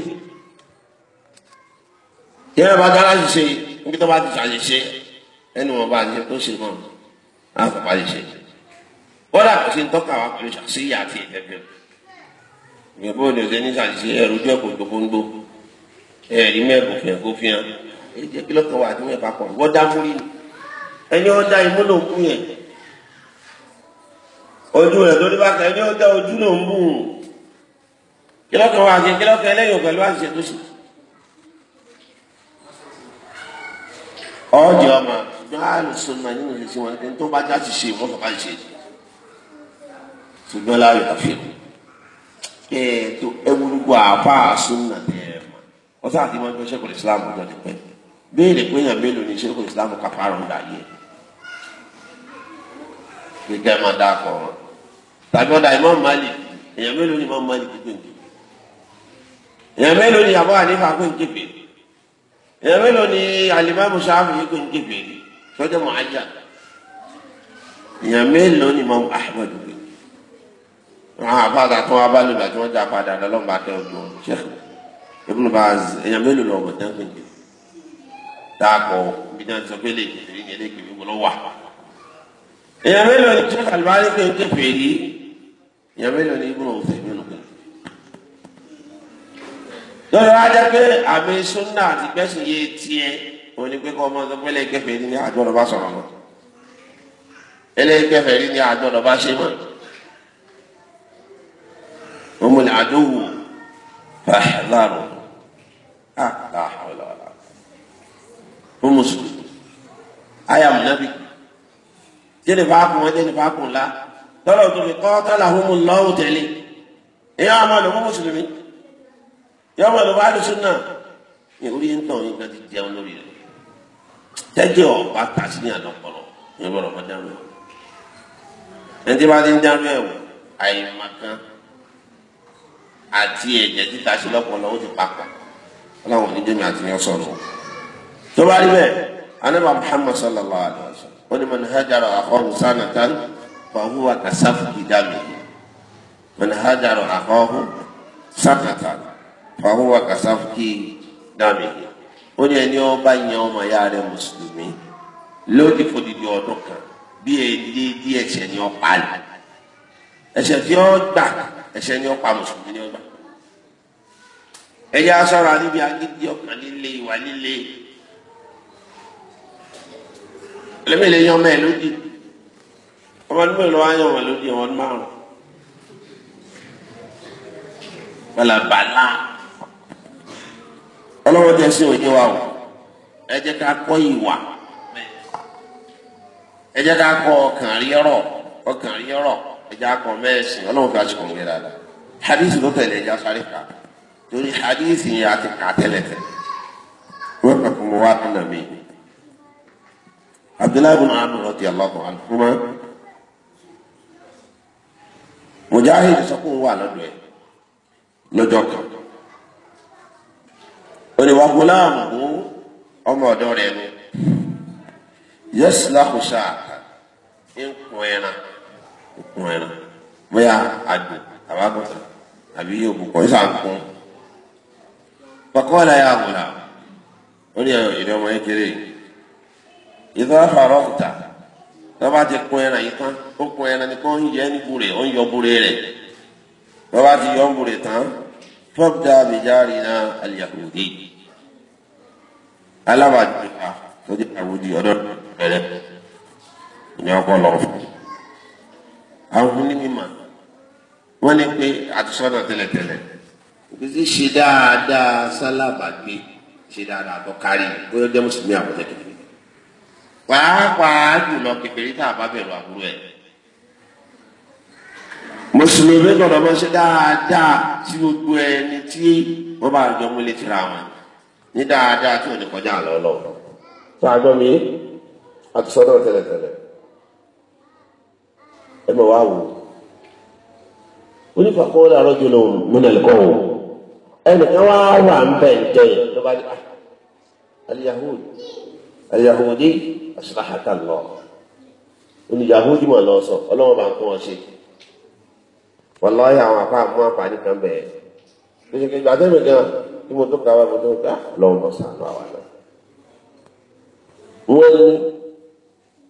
Speaker 1: yẹn bá dára ṣiṣe níbi tó bá ti ṣàṣìṣe ẹnu wọn bá ṣe tó ṣe mọ àpapọ̀ ṣiṣe bọ́dà kò sí tọ́ka wa pẹ̀lú ṣàṣeyà àti ìfẹ́fẹ́ ìgbẹ́bọ́ ni ọ̀sẹ̀ ní ṣàṣìṣe ẹ̀rú jẹ́ kò gbogbo ẹ̀rí mẹ́ẹ̀bù fẹ́ kó fi hàn èyí jẹ́ kí lọ́kàn wà àti mẹ́ẹ̀bà pọ̀ wọ́n dá múrí ni ẹni ọ̀dà ìmúlò kú yẹn ojú rẹ̀ lórí bàtà ẹni ọ̀dà ojú náà ń bù kí lọ́kàn wá àti kí lọ́kàn ẹlẹ́yìn pẹ̀lú àṣìṣe tó ṣe. ọ̀ọ́dì ọmọ ṣùgbọ́n àlùsùn náà nínú ìṣe wọn ẹni tó bá já ti ṣe wọ́n fọ́n bá ṣe ṣùgbọ́n láàyò àfihàn ẹ̀ẹ́dù ẹ̀wùrúgbọ̀ àbá àsúnà ẹ̀ẹ̀mà wọ́n sáà ti máa ń gbé ṣẹ́kùn islam ọjọ́ ti pẹ́ béèrè pé èèyàn mélòó ni ṣẹ́kùn islam kàfàrọ̀ ń dàyé gbẹgẹ́ máa dáa kọ̀ wọ́n tàbí ọ̀dà Imam Malik èèyàn mélòó ni Imam Malik gbẹ̀ǹdì èèyàn mélòó ni àbọ̀ ànífà pé ń képe èèyàn mélòó ni àlìmáàmù sáfì yìí pé ń képe sọjọ mọ ajá èèyàn mélòó ni mọmú ahmed pé àwọn àbáta tó wá bá lòlá tí wọn já padà lọlọmọba tẹ ọdún Sheikh Ibn Baz èèyàn mélòó ni ọmọ tẹ ń képe dáàkọ bí náà sọ pé lè képe ní ẹlẹ́ képe wọn wà èèyàn mélòó ni Sheikh Albani pé ń lọ́dọ̀ wá jẹ́ pé àmì súnà àti gbẹ́sùn yé tiẹ̀ òní pé kọ́ ọmọ ọdún pẹ́lẹ́ gbẹ́fẹ́ ní àjọ̀dọ̀ bá sọ̀rọ̀ mọ́ eléyìí gbẹ́fẹ́ ní àjọ̀dọ̀ bá ṣe mọ́ ọmọ ní àdóhùn fàhálàrọ̀ àtàhàlàlà fún mùsùlùmí ayàmù nàbì jẹ́nì fàákùn wọn jẹ́nì fàákùn ńlá lọ́dọ̀ tó fi kọ́ tọ́lá fún mu lọ́wọ́ tẹ̀lé èèyàn àmọ́ ọ̀dọ̀ mùsùlùmí yọọ mọ lọba àdùsùn náà ìwúrí ń tàn yín kan ti jẹun lórí rẹ jẹjẹ ọba tàṣí ní àlọpọlọ yọọ bọlọ kọjá mi ẹni tí wọn ti ń dárú ẹwọ àyèmàkan àti ẹ̀jẹ̀ títa sí lọpọlọ ó ti papọ̀ Ọlọ́run onídémi àti ní ọsọ tó bá rí bẹ́ẹ̀ anábà Muhammad sallallahu alaihi wa sallam ó ní mọ ní hajara akọrù sanatan fahuwa kasafu kidami mọ ní hajara akọrù sanatan fàwọ́wà kàsáfùkì dàmì ó ní ẹni ọba yan ọmọ ya rẹ mùsùlùmí lórí fòdìdì ọdún kan bí èdè dí ẹ̀ṣẹ̀ ni ọpa lè ẹ̀ṣẹ̀ tí ó gbà ẹ̀ṣẹ̀ ni ọpa mùsùlùmí ni ó gbà ẹyẹ asọra níbi agídí ọkàn líle ìwà líle lẹ́mìlẹ́ yan ọmọ lódì ọmọ ọdún mélòó wá yan ọmọ lódì ọmọ ọdún márùn-ún balabala ọlọ́wọ́ jẹ́ sí òye wa o ẹ jẹ́ ká kọ́ ìwà ẹ jẹ́ ká kọ́ ọkàn rí ọ̀rọ̀ ọkàn rí ọ̀rọ̀ ẹ jẹ́ kọ́ mẹ́ẹ̀sìn ọlọ́wọ́ fi àṣìkò ń gbé dáadáa hadith tẹ̀lé ẹja sáré kà torí hadith yẹn a ti kà tẹ́lẹ̀tẹ̀ wọ́n kà fún mi wá tó nà abdullahi bin anu radiyallahu anhu mujahid sọ fún wa lọ́dọ̀ ẹ̀ lọ́jọ́ kan oníwàgbọ́láàmù mú ọmọ ọ̀dọ́ rẹ̀ nù yẹ́sìlá kò ṣáà nkùn ẹran nkùn ẹran bóyá àdù àbákọ̀tà àbí yóò bù kọ́ ṣáà nkùn fakọ́lá yà àbùlà ó ní ìdí ọmọ kékeré ìdí ọmọ fàrọ́kùtà lọ́ba ti kún ẹran yìí tán ó kún ẹran ní kó ń yẹ ní bure ó ń yọ bure rẹ̀ lọ́ba ti yọ bure tán. فابدأ بجارنا اليهودي ألا ما جمع تدي يهودي أدون بلد نيوكو لوف أو هني مما wọ́n ní pé àtúnṣọ́nà tẹ́lẹ̀tẹ́lẹ̀ òkèsí ṣe dáadáa sálábàgbé ṣe dáadáa tó kárí bóyá jẹ́ mùsùlùmí àbọ̀jẹ́ kékeré pàápàá jùlọ kékeré tá a bá bẹ̀rù àbúrò ẹ̀ mùsùlùmí gbọ́dọ̀ máa ṣe dáadáa tí gbogbo ẹni tí wọ́n bá jọ múlẹ̀ tìra wọn ní dáadáa tí òní kọjá àlọ́ lọ. tó a gbọ́ mi àti sọ́dọ̀ tẹ́lẹ̀tẹ́lẹ̀ ẹ mọ̀ wá wò ó onífà kọ́ ọ́nà àrọ́jù lòun múnẹ̀lẹ́kọ́ wò ẹnìkan wá wà ń bẹ̀ ń jẹ́ yẹn ló bá dé ah, aliyahudi aliyahudi asirahata lọ oníyahudi mọ̀ lọ sọ ọlọ́wọ́n bá ń kọ́ wọn ṣe wọ́n lọ́ọ́ yà àwọn àfa mú àǹfààní kan bẹ̀ẹ́ gbèsègbè ìgbà tẹ́lẹ̀ gan tí mo tó ka wá mo tó ká lọ́wọ́ mọ̀ sànú àwa náà. wọ́n ní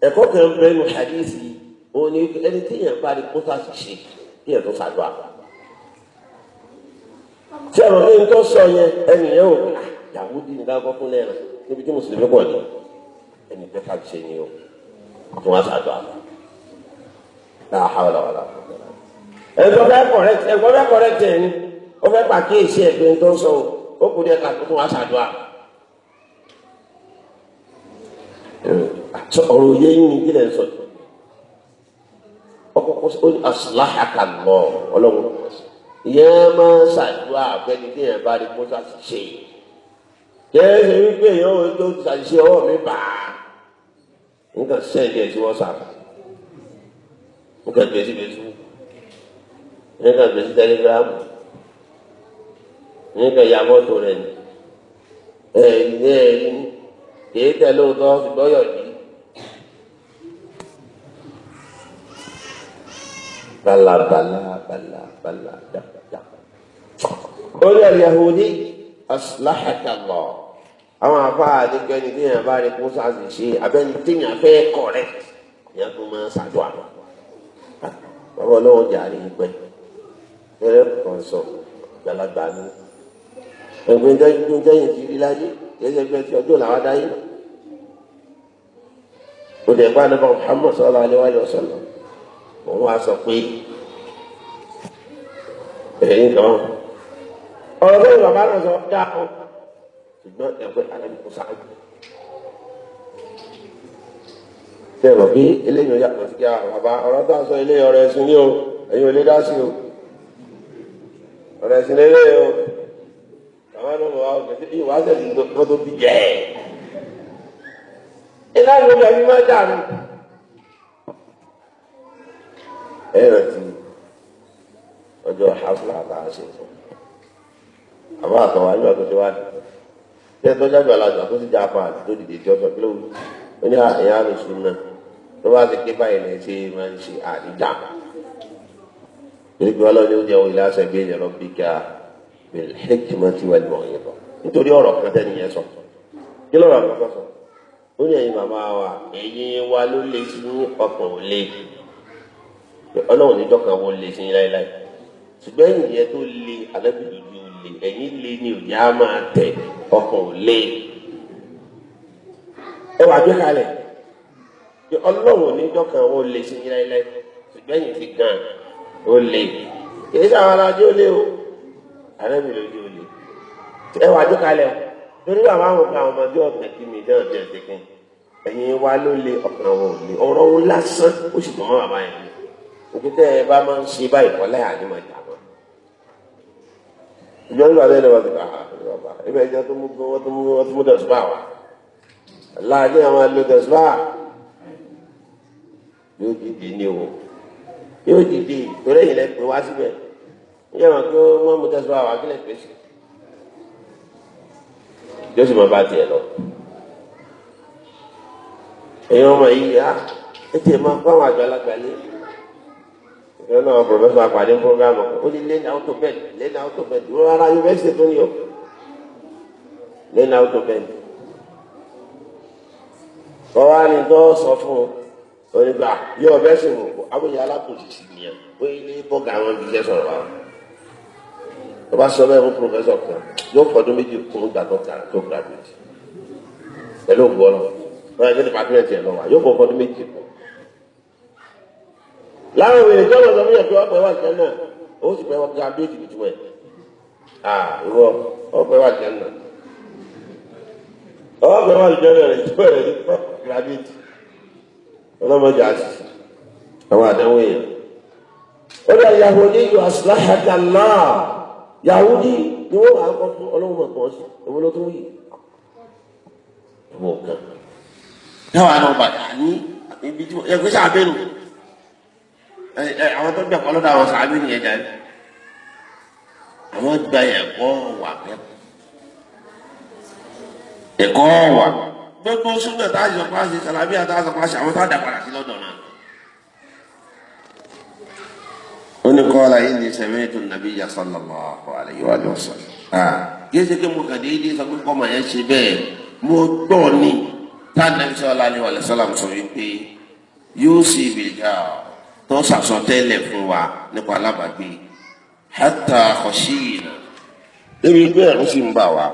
Speaker 1: ẹ̀kọ́ kan bẹ́ẹ̀ ní hadisi òun ni ẹni tí yẹn bá rí kó sá ṣe kí yẹn tó ṣàdúrà. tí àwọn ẹni tó sọ yẹn ẹni yẹn ò yàwó dín ní káàkọ́ fún lẹ́rìn níbi tí mùsùlùmí pọ̀ ní ẹni tó ká ṣe ni o àtúnwá ṣàdúrà. láàárọ̀ làwọn làwọn ẹgbẹ́ fẹ́ kọ̀rẹ́tì ẹgbẹ́ fẹ́ kọ̀rẹ́tì ẹ̀ ni ó fẹ́ pàkíyèsí ẹ̀gbẹ́ tó ń sọ ó kù díẹ̀ ká tó wá ṣàdúrà. ọ̀rọ̀ yẹ yín ni kí lẹ́ sọ ọkọ̀ kó asùláhà kà lọ ọlọ́run ìyẹn máa ń ṣàdúrà fẹ́ni tí yẹn bá rí kó ṣàṣìṣe kẹ́ẹ́ ṣe wípé èèyàn ò tó ṣàṣìṣe ọwọ́ mi bàá nǹkan sẹ́ẹ̀dì ẹ̀ tí wọ́n sàrà nǹkan gbèsè ní kan gbèsè tẹlifíráàmù ní kan ya mọ́tò rẹ̀ ni ẹ̀yìn ẹ̀yìn kìí tẹ̀ lóòótọ́ ṣùgbọ́n yọ̀dí. balabala balabala dabada. ó ní al-Yahudi aslahaka Allah àwọn afá àdégbẹ́ni tí yẹn bá rí kó sáàsì ṣe abẹ́ni téèyàn fẹ́ kọ̀ rẹ̀ yẹn tó máa ń ṣàjọ àná. bàbá ọlọ́wọ́ jà rí pẹ́ ẹrẹ kan sọ gbàlagbà ni ẹgbẹ jẹjẹ yìí ti rí láyé jẹjẹ gbẹ ti ọjọ́ làwọn adáyé o dẹ̀ bá nípa Muhammad sallallahu alaihi wa sallam òun wá sọ pé ẹ̀yin kan ọ̀rọ̀ bẹ́ẹ̀ bàbá náà sọ dáàbò ṣùgbọ́n ẹgbẹ alẹ́ kò sáájú tẹ ẹ mọ̀ pé eléyìí ó yàtọ̀ sí kí a bàbá ọ̀rọ̀ tó eléyìí ọ̀rọ̀ ẹ̀sùn ní o ẹ̀yin ò dá sí o ọ̀rọ̀ ẹ̀sìn lélẹ̀ o àwọn ọmọ wa ọ̀gá sí ìwà sẹ̀sì tó tó bí jẹ́ ẹ láti lóbi àbí máa dànù. ẹ rántí ọjọ́ hafla àtàṣe àwọn àtọ̀wọ̀ àjọ àtúnṣe wa tẹ́ tó jáde alájà tó sì já apá àti tó dìde tí ọjọ́ kí ló wù ó ní àyà àlùsùn náà tó bá ti ké báyìí lẹ́sẹ̀ máa ń ṣe àdìjà torí pé ọlọ́run ní oúnjẹ òun ìlà aṣọ ìgbé ìyẹn rọ́bì ká bil hikmati wal maw'izah nítorí ọ̀rọ̀ kan tẹ́ nìyẹn sọ kí lọ́rọ̀ àgbà sọ ó ní ẹ̀yin màmá wa ẹ̀yin wa ló lé sí ọkàn ò lé ọlọ́run ní dọ́kan wo lé sí láéláé ṣùgbọ́n ẹ̀yin yẹn tó lé alábìlójú lé ẹ̀yin lé ní òjì á máa tẹ ọkàn ò lé ẹ wà gbé kalẹ̀ ọlọ́run ní dọ́kan wo lé sí láéláé ṣùgbọ́n ẹ̀yin ti gan ó lè kìí sáwọn alájọ́ ó lè o àrẹ́bì lójú ó lè ẹ wà jó kalẹ̀ o torí bàbá àwọn ọmọ àwọn ọmọdé ọ̀gbìn kí mi náà jẹ́ ṣẹ́kẹ́ ẹ̀yin wa ló lè ọ̀pọ̀ wọn ò lè ọ̀rọ̀ wọn lásán ó sì dùn mọ́ bàbá yẹn òkú tẹ́ ẹ bá máa ń ṣe báyìí kọ́ láyà ní màjà mọ́ ìjọ nígbà tó yẹ bàbá ibẹ̀ ìjọ tó mú tó mú tó mú dọ̀sùbà wa yóò dìde ìgbẹ́rẹ́ yìí lẹ pé wá síbẹ̀ yẹ wọn kí wọn mú tẹsán àwọn akílẹ̀ pèsè yóò sì máa bá tiẹ̀ lọ.
Speaker 2: èèyàn ọmọ yìí
Speaker 1: á ètò ìmọ̀ fún àwọn àjọ alágbàlẹ̀ ìyẹn náà pòfẹ́sọ̀ àpàdé fúngámù ó ní lẹ́nu àwòtò bẹ́ẹ̀ lẹ́nu àwòtò bẹ́ẹ̀ dúró rárá yunifásitì tó ń yọ lẹ́nu àwòtò bẹ́ẹ̀. kọ́ wá ní tó sọ fún un onígbà yóò bẹ́ sùn wò abóyá alákòóso sì nìyẹn bóyá ní bọ́gà àwọn ibi iṣẹ́ sọ̀rọ̀ báwọn. bá sọ bẹ́ẹ̀ fún pòfẹ́sọ̀ kan yóò fọdún méjì kún gbà tó kà tó graduate pẹ̀lú ògbó ọlọ́wọ́ wọn ẹgbẹ́ dìpátímẹ́ǹtì ẹ̀ lọ́wọ́ yóò fọdún méjì kún. láwọn òwe ìjọ lọ sọ fún yàtọ̀ ọpẹ wà jẹ náà ó sì pẹ́ wọn graduate bìtú ẹ̀ ah ìwọ ọpẹ wà jẹ náà ọpẹ wà jẹ náà ìjọ rẹ̀ graduate ọlọ́mọdé àti àwọn àdánwò èèyàn. ó dà yahudi yóò aṣláhàkà náà yahudi ni wọ́n wà á kọ́ fún ọlọ́mọ kan sí ọmọ lọ́tọ́ yìí. ọmọ kan náà àwọn bàtà ní ibi tí ẹ gbé sáà bẹ́ẹ̀ nù àwọn tó gbẹ̀kọ́ lọ́dọ̀ àwọn sàábì nìyẹn jáde àwọn gba ẹ̀kọ́ wà ẹ̀kọ́ wà gbogbo súnmọ̀ tá a sọ pé a ṣe sàlámì àti a sọ pé a ṣe àwọn tá a dàgbàrà sí lọ́dọ̀ náà. ó ní kọ́ra yìí ní sami'tu an-nabiyya sallallahu alayhi wa sallam. kí ṣe kí mo kàn dé ilé sọ pé kọ́mọ yẹn ṣe bẹ́ẹ̀ mo gbọ́ ni tá a nàbí sọ́lá ni wàlẹ̀ sọ́lá sọ wípé yóò sì bìjà tó sàsọtẹ́lẹ̀ fún wa nípa alábàgbé hatta khashina. débi pé ẹ̀rù sì ń bà wá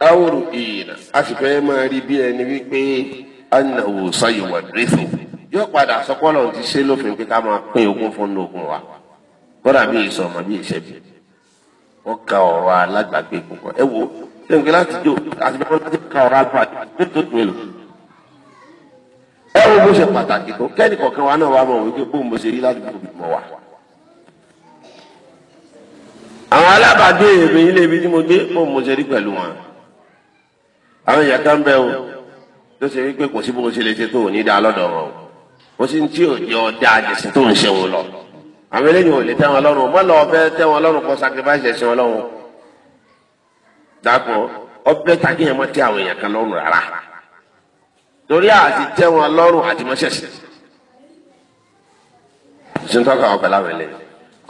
Speaker 1: awuru ìyìnà a sì fẹ́ máa rí bí ẹni wípé anáwó sáyé wà dréfò yóò padà sọpọ́lọ̀ ti ṣe lófin pé ká máa pín ogún fún ogún wa kódà bí ìsọmọ bí ìṣẹ́bi wọ́n ka ọ̀rọ̀ alágbàgbé púpọ̀ ẹ wo ṣéǹkì láti jó àti bí wọ́n ti ka ọ̀rọ̀ alágbàgbé tó tó mélòó. ẹ wo bó ṣe pàtàkì tó kẹ́ni kọ̀ọ̀kan wa náà wà mọ̀ wípé bóun bó ṣe rí ládùúgbò bí mo wà. àwọn alábàágbé èmi ilé ibi mo gbé bóun mo ṣe rí pẹ̀lú wọn àwọn èèyàn kan bẹ o tó ṣe wípé kò sí bó ṣe lè ṣe tó ní dáa lọ́dọ̀ wọn o sì ń tí ò yọ dáa jẹsí tó ń ṣe wọn lọ àwọn eléyìí ò lè tẹ́ wọn lọ́rùn mọ lọ ọbẹ tẹ́ wọn lọ́rùn kọ sacrifice ẹsẹ wọn lọ́rùn dàpọ ọbẹ tàkìyàn mọ tẹ́ àwọn èèyàn kan lọ́rùn rárá torí àti tẹ́ wọn lọ́rùn àti mọ ṣẹṣẹ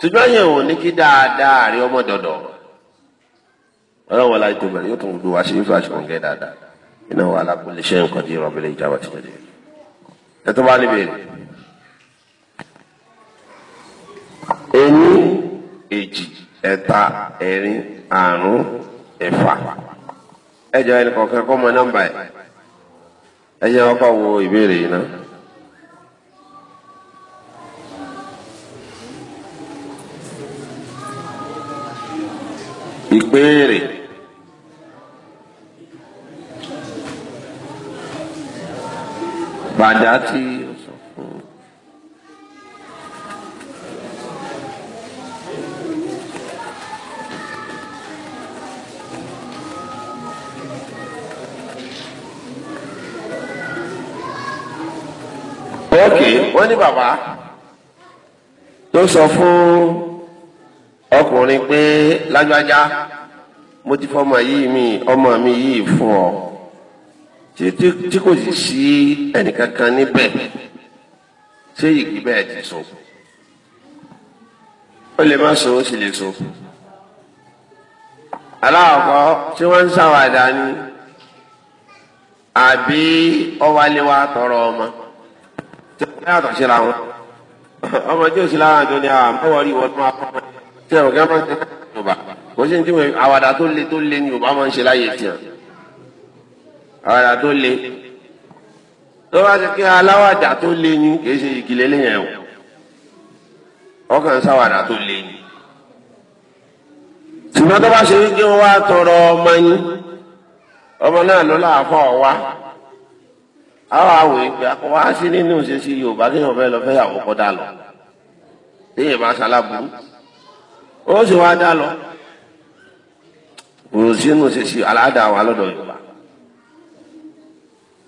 Speaker 1: ṣùgbọ́n yẹn ò ní kí dáadáa rí ọmọ ọlọ́run wàlá ètò ìbẹ̀rẹ̀ yóò tún gbogbo wa ṣe é fàṣọ ọ̀gẹ́ dáadáa iná wa alákùnrin iṣẹ́ nǹkan di ìrọ̀bẹ̀lẹ̀ ìjà wàtí tẹ̀lé ẹ tó bá níbi èrè. ení èjì ẹ̀ta ẹ̀rin àrún ẹ̀fà ẹ̀jọ̀ ẹnì kọ̀ọ̀kan kọ́ mọ nọ́mbà ẹ̀ ẹ̀jẹ̀ ọkọ̀ wo ìbéèrè yìí náà. ìpéèrè. bàdá tí ó sọ fún. ok wọ́n ní bàbá tó sọ fún ọkùnrin pé lágbájá mo ti fọmọ yìí mi ọmọ mi yìí fún ọ tí kò sì sí ẹnìkankan níbẹ̀ ṣé ìgbì bẹ́ẹ̀ ti sọ ó lè má sọ ó sì lè sọ aláwọ̀ tí wọ́n ń ṣàwàdà ni àbí ọwáléwá tọrọ ọmọ tí wọ́n yàtọ̀ síra wọn ọmọ tí ó sì lára àjọ ni àmọ́wọ́rí ìwọ́n máa fọ́ ọmọ tí ẹ̀rọ kí wọ́n máa ń ṣe láyé Yorùbá kò sí ní tí àwàdà tó le tó le ní Yorùbá máa ń ṣe láyé tiẹ̀. ara tó le tó bá ti kí aláwàdà tó le ni kì í ṣe ìkìlẹ̀ lẹ́yìn o ọkàn sáwàdà tó le ni ṣùgbọ́n tó bá ṣe wọ́n wá tọrọ ọmọ yín ọmọ náà ló láàfọ̀ wá àwọn àwòrán ìgbà kó sí nínú ìṣesí Yorùbá kéèyàn fẹ́ lọ fẹ́ yàwó kọ́ lọ téèyàn bá ṣaláburú ó sì wá dá lọ wa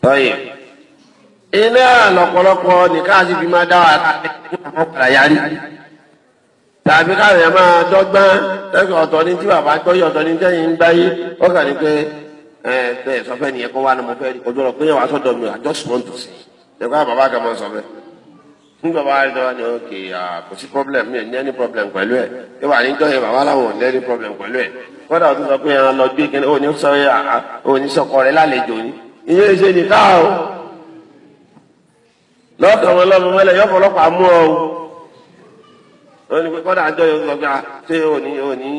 Speaker 1: tọ́yìn iná lọ́pọ̀lọpọ̀ tàbí máa ní tí bàbá ní ń báyé ó kà ní pé ẹ nìyẹn kó wà ní mo rí ojú pé yẹn wàá mi bàbá kan máa ni ok kò sí problem mi ò ní any problem pẹ̀lú ẹ̀ ẹ wà ní dọ́yẹ̀ bàbá làwọn ò ní any problem pẹ̀lú ẹ̀ kódà ó tún sọ pé ẹ lọ gbé ó ní sọ ìyẹn ṣe nìka o lọ́dọ̀ wọn lọ́mọ mẹ́lẹ̀ yọ fọlọ́pàá mú ọ o wọ́n ní pé kọ́dà àjọ yóò sọ pé à ṣé o ní o ní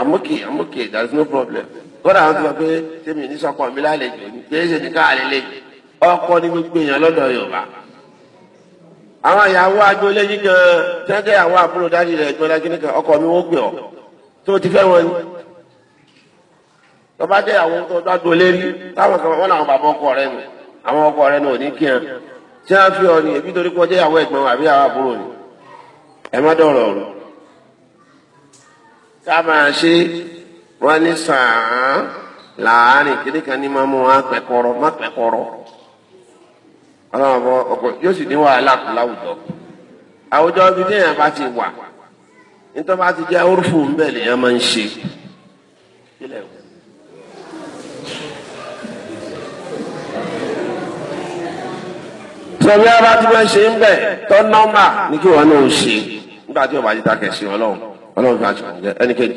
Speaker 1: àmókè àmókè there is no problem kọ́dà àwọn tó sọ pé ṣé mi ní sọkọ mi lálejò ní kí ẹ ṣe nìka àlejò ọkọ ní gbogbo èèyàn lọ́dọ̀ Yorùbá àwọn ìyàwó agboolé yìí gan tẹ́gẹ́ àwọn àbúrò dájú rẹ̀ gbọ́dá kí ni ọkọ mi wọ́n gbé ọ tó ti fẹ́ wọn ni tó bá jẹ́ àwọn tó bá do lérí táwọn kan wọ́n làwọn bàbá ọkọ rẹ nù àwọn ọkọ rẹ nù ò ní kí hàn tí wọ́n fi ọ ní ebi torí kọjá ìyàwó ẹ̀gbọ́n àbí àwọn àbúrò ni ẹ má dọ̀rọ̀ ọ̀rọ̀ ká máa ṣe wọ́n ní sàn-án láàárín kiri kan ní máa mú wọn pẹ́kọ́rọ́ má pẹ́kọ́rọ́ ọlọ́run ọkọ̀ yóò sì ní wàhálà kù láwùjọ àwùjọ ibi tí èèyàn bá ti wà nítorí bá ti jẹ́ orúfù ń lèèyàn máa ń ṣe kílẹ̀ wò. sọ̀rọ̀ yẹn bá ti máa ń ṣe ń bẹ̀ tọ́ nọ́mbà ní kí wọn náà ṣe nígbà tí ọba jíta kẹsì ọlọ́run ọlọ́run fi àjọ jẹ ẹnikẹ́ni.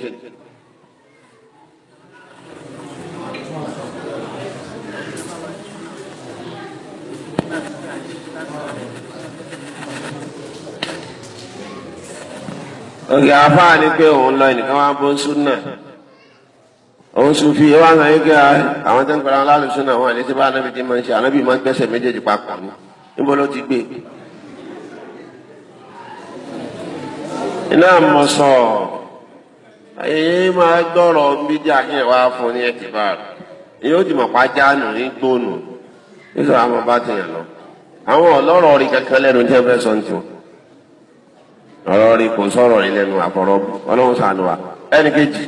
Speaker 1: ògè àfáà ni pé òun lọ ẹnìkan wá bó ń sún náà òun sún fi wá ń sàn yín kí àwọn tó ń pẹ̀lú aláàlú sún náà wọn àlejò bá anábìdí máa ń ṣe anábìdí máa ń gbẹ́sẹ̀ méjèèjì papọ̀ ni. níbo ló ti gbé iná mọ sọ ẹyìn máa gbọrọ mídíà kí ẹ wá fún ní afọ rẹ èyí ó ti mọ̀ pàjá nù ní gbónù nítorí àwọn bá ti yàn lọ àwọn ọlọ́rọ̀ rí kankan sọ ọ̀rọ̀ rí kò sọ̀rọ̀ rí lẹ́nu àfọ̀rọ̀ ọlọ́run wa ẹnì kejì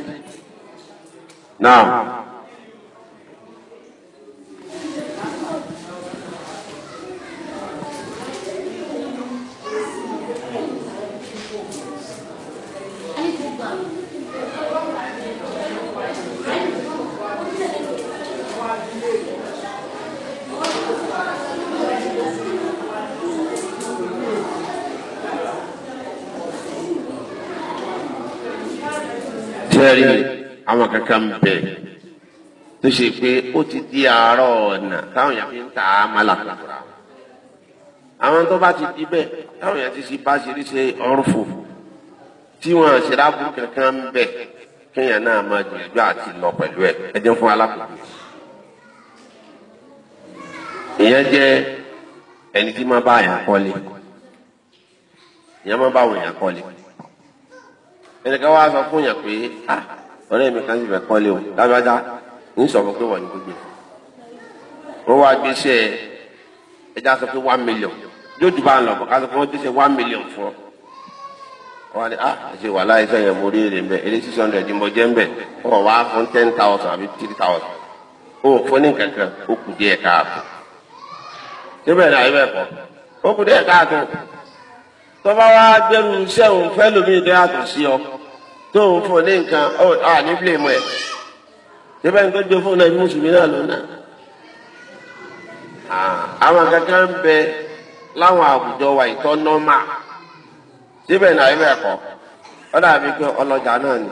Speaker 1: àwọn kankan bẹ tó ṣe pé ó ti di àárọ̀ ọ̀nà táwọn èèyàn fi ń ta àmàlà kúra àwọn tó bá ti di bẹ́ẹ̀ táwọn èèyàn ti ṣe bá ṣe rí ṣe ọrùfù tí wọn àṣìrábù kankan bẹ kéèyàn náà máa gbìyànjú àti lọ pẹ̀lú ẹ ẹ jẹ́ fún alákòókò ìyẹn jẹ́ ẹni tí máa bá àyàn kọ́lé ìyẹn máa bá àwọn èèyàn kọ́lé ẹnìkan wá sọ fún yàn pé ah ọ̀rẹ́ mi kan sì fẹ́ kọ́lé o lágbájá ń sọ fún pé wọ́n ní gbogbo wọ́n wá gbéṣẹ́ ẹja sọ pé one million yóò dùbà ń lọ bọ̀ ká sọ pé wọ́n gbéṣẹ́ one million fún ọ wọ́n ní ah ṣe wà láì sẹ́yìn mo rí èrè ń bẹ̀ èrè six hundred mo jẹ́ ń bẹ̀ wọ́n wá fún ten thousand àbí three thousand o fún ní kankan o kù díẹ̀ káàtó síbẹ̀ náà ibẹ̀ kọ́ o kù díẹ̀ káàtó tọ́ba wa gbẹrù sẹ́wọ̀n fẹ́ lómi ìdẹ́ àtọ̀ sí ọ. tó ń fọ ní nǹkan ọ à ní bílẹ̀mù ẹ̀ síbẹ̀ nǹkan jó fún náà mùsùlùmí náà lónà. àwọn kankan ń bẹ láwọn àwùjọ wa ìtọ́ nọ́mà síbẹ̀ náà ẹ̀ bẹ́ẹ̀ ọ dàbí pé ọlọ́jà náà ni.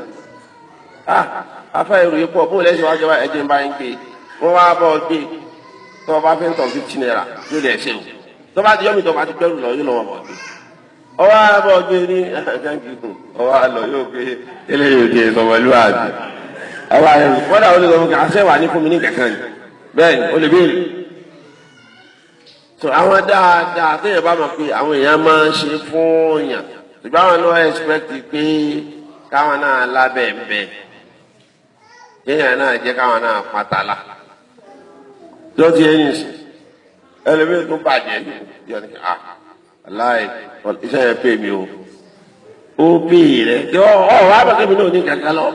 Speaker 1: afẹ́ ìrù yìí pọ̀ bó lẹ́sìn wájú wa ẹ̀jẹ̀ ń bá ń gbé wọ́n wá bọ́ gbé bá o ọwọ́ àbọ̀ gbé ní àjàngìgùn ọwọ́ àlọ́ yóò gbé
Speaker 2: eléyìí òde ìsọ̀mọ̀lú àbí
Speaker 1: ọwọ́ àyẹ̀wò kọ́dà ó lè sọ fún kí àṣẹ wà ní fún mi ní kankan ni bẹ́ẹ̀ ni ó lè béèrè. tó àwọn dáadáa téèyàn bá mọ̀ pé àwọn èèyàn máa ń ṣe fún yàn ṣùgbọ́n àwọn náà ẹ̀sìpẹ́kì pé káwọn náà lábẹ́ bẹ́ kéèyàn náà jẹ́ káwọn náà pátálà lọ́ọ́ ti ẹ̀yìn sí ẹlẹ́mìí tó bàjẹ́ yìí yọ̀ ní ká aláì iṣẹ́ yẹn pè mí o ó pè rẹ yọ ọ wà á bẹ kébì náà ní kankan lọ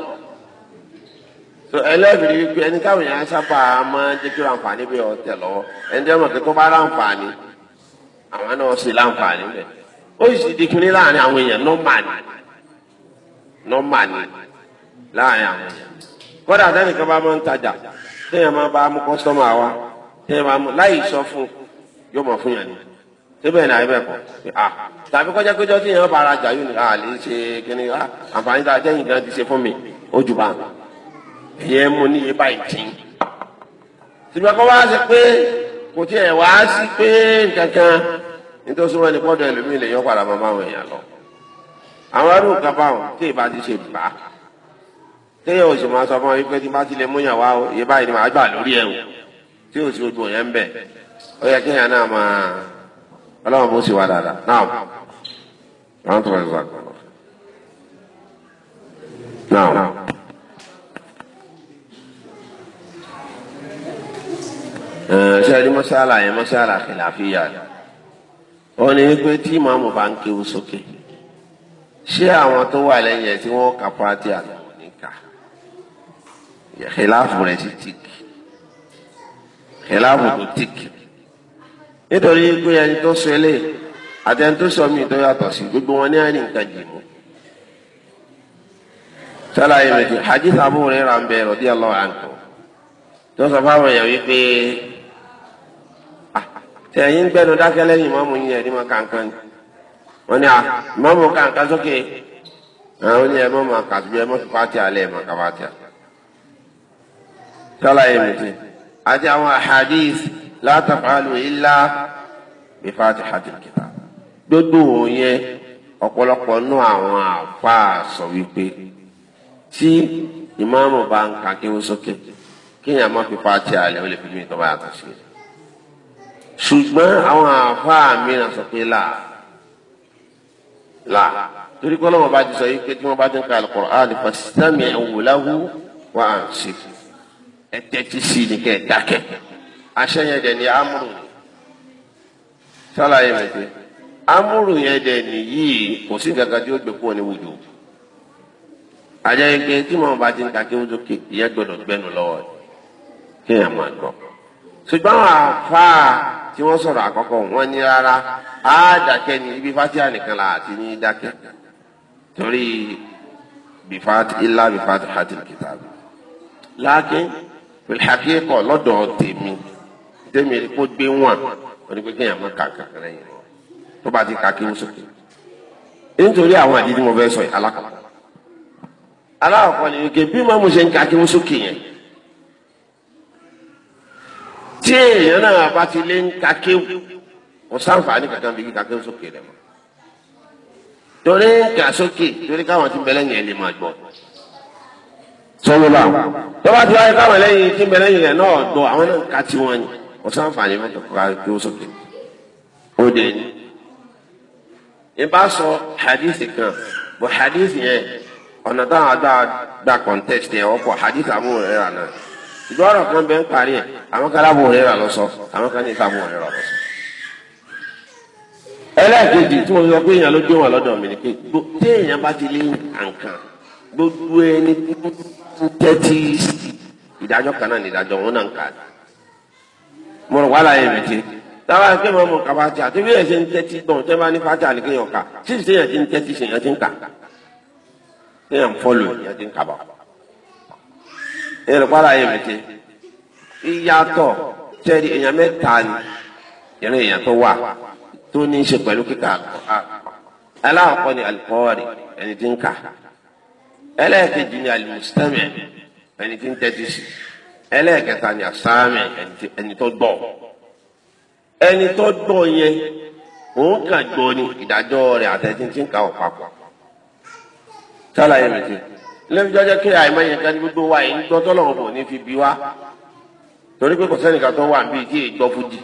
Speaker 1: so ẹlẹ́bìrì wípé ẹni káwọn èèyàn sábà máa jẹ́ kí wọ́n àǹfààní bí ọ̀tẹ̀ lọ́wọ́ ẹni tí wọ́n mọ̀ pé tó bá láǹfààní àwọn náà sì láǹfààní bẹ̀ ó sì di kiri láàrin àwọn èèyàn nọ́mbà ni nọ́mbà ni láàrin àwọn èèyàn kódà tẹ́nìkan bá máa ń tajà téèyàn máa bá mú kọ́sọ́mà wa téèyàn máa mú láì sọ fún yóò mọ̀ fún yàn ni síbẹ̀ ní àyẹ̀bẹ̀ kọ̀ ah tàbí kọjá péjọ tí èèyàn bá ara jà yóò ní à lè ṣe kíni ah àǹfààní tá a jẹ́ nǹkan ti ṣe fún mi ó jù bá mi ìyẹn mo ní iye báyìí tí. síbẹ̀ kọ́ wá sí pé kò tiẹ̀ wá sí pé nǹkankan nítorí wọn ni pọ́dọ̀ ẹlòmíì lè yọ padà bàbá àwọn èèyàn lọ. àwọn arúgbó kan báwọn tí ìbá ti ṣe bá téèyàn ò sì máa sọ fún ọ wípé tí bá ti lè múyàn wá o iye báyìí ni màá gbà lórí ẹ̀ o tí ò sí ojú ọ̀yẹ́ ń bẹ̀ ó yẹ kéèyàn náà máa ọlọ́run bó sì wá dáadáa náà àwọn tó bá ti wá gbọ́n lọ. náà. ṣé ẹni mọ́ṣáàlà yẹn mọ́ṣáàlà kìláfíà ni wọ́n ní wípé tí màmú bá ń kéwu sókè ṣé àwọn tó wà lẹ́yìn ẹ̀ tí wọ́n kà pàtì àlọ́ níkà kìláfù rẹ̀ ti tìkì kìláfù tó tìkì. nítorí pé ẹni tó sọ eléyìí àti ẹni tó sọ mí tó yàtọ̀ sí gbogbo wọn ní àárín nǹkan jì mú. sálàyé méjì hadith Abu Hurairah ń bẹ radiyallahu anhu tó sọ fáwọn èèyàn wípé ah, tẹ̀yìn gbẹ́nu dákẹ́ lẹ́yìn mọ́mú yín ẹ̀rí mọ́ kankan ni wọ́n ah, kankan sókè àwọn àkàtúbí ẹ pàtì la taf'alu illa bi fatihatil kitab gbogbo òye ọ̀pọ̀lọpọ̀ nú àwọn àfa sọ wípé tí ìmáàmù bá ń ka kéwọ́ sókè kéèyàn má fi fatiha alẹ́ ó lè fi mí tọ́ bá yàtọ̀ sí i ṣùgbọ́n àwọn àfa mìíràn sọ pé là là torí pé ọlọ́wọ́n bá ti sọ yìí tí wọ́n bá ti ń ka al-Qur'an fastami'u lahu wa ansitu ẹ tẹ́tí sí i ní kẹ́ àṣẹ yẹn dẹ̀ ni amúrù ni sálàyé mi pé amúrù yẹn dẹ̀ ni yìí kò sí gàgà tí ó gbé kúrò ní wùdù àjẹ́ ike tí mo bá ti ń ka kí wọ́n dókè ìyẹn gbọ́dọ̀ gbẹ́nu lọ́wọ́ kí èèyàn máa gbọ́ ṣùgbọ́n àfáà tí wọ́n sọ̀rọ̀ àkọ́kọ́ wọn ní rárá á dákẹ́ ni ibi fatia nìkan là ti ní dákẹ́ torí bifat ilá bifat hatil kitab lákín fil haqiqa lọ́dọ̀ tèmi tẹ́mi ẹ̀rí kó gbé wọn wọn pé kéèyàn máa kà kankan lẹ́yìn wọn tó bá ti kà kí n sókè nítorí àwọn àdídí mo fẹ́ sọ yìí alákọ̀ọ́ alákọ̀ọ́ ni wípé bí màmú ṣe ń kà kí n sókè yẹn tí èèyàn náà bá ti lé ń ka kéwù kò sáǹfààní kankan bí kíka kéwù sókè rẹ mọ torí ń kà sókè torí káwọn ti bẹlẹ yẹn lè máa gbọ́ sọwọ bá wọn bá ti wáyé káwọn lẹ́yìn tí bẹlẹ yẹn náà gbọ́ àwọn náà ń ka tiwọn ni. ọ̀sánfààní mẹ́tọ̀ kọ́ra kí ó sókè ó dé ní. ìbá sọ hadith kan bọ̀ hadith yẹn ọ̀nà táwọn adá gba yẹn hadith kan bẹ́ẹ̀ ń parí ẹ̀ àwọn kan lábò rẹ̀ rà lọ sọ àwọn kan tí mo ti gbogbo mo rò wàhálà yẹn mi ti táwa pé mo mọ kaba ti àti bí ẹ ṣe ń tẹ́tí tán tẹ́ bá ní fati àníkéyàn ká tí ì sèyàn ti ń tẹ́tí sèyàn ti ń kà sèyàn fọlù yẹn ti ń kaba ẹ̀rọ wàhálà yẹn mi ti ìyàtọ̀ tẹ́lí èèyàn mẹ́ta ni ìrìn èèyàn tó wà tó ní í ṣe pẹ̀lú kíkà aláàkọ́ ni alikọ́ọ̀rì ẹni tí ń kà ẹlẹ́ẹ̀kejì ni alimusitẹ́mẹ̀ ẹni tí ń tẹ́tí sí i ẹlẹ́ẹ̀kẹta ni àsáàmì ẹni tó gbọ́ ẹni tó gbọ́ yẹn òun kàn gbọ́ ni ìdájọ́ rẹ̀ àtẹ̀tíntì kà ó papọ̀ sálàyé mi ti lẹ́bi jọ́jọ́ kí àìmọ́ yẹn ká ní gbogbo wa yìí ń gbọ́ tọ́lọ́run bò ní fi bí wa torí pé kò sẹ́nìkan tó wà níbi tí èyí gbọ́ fújì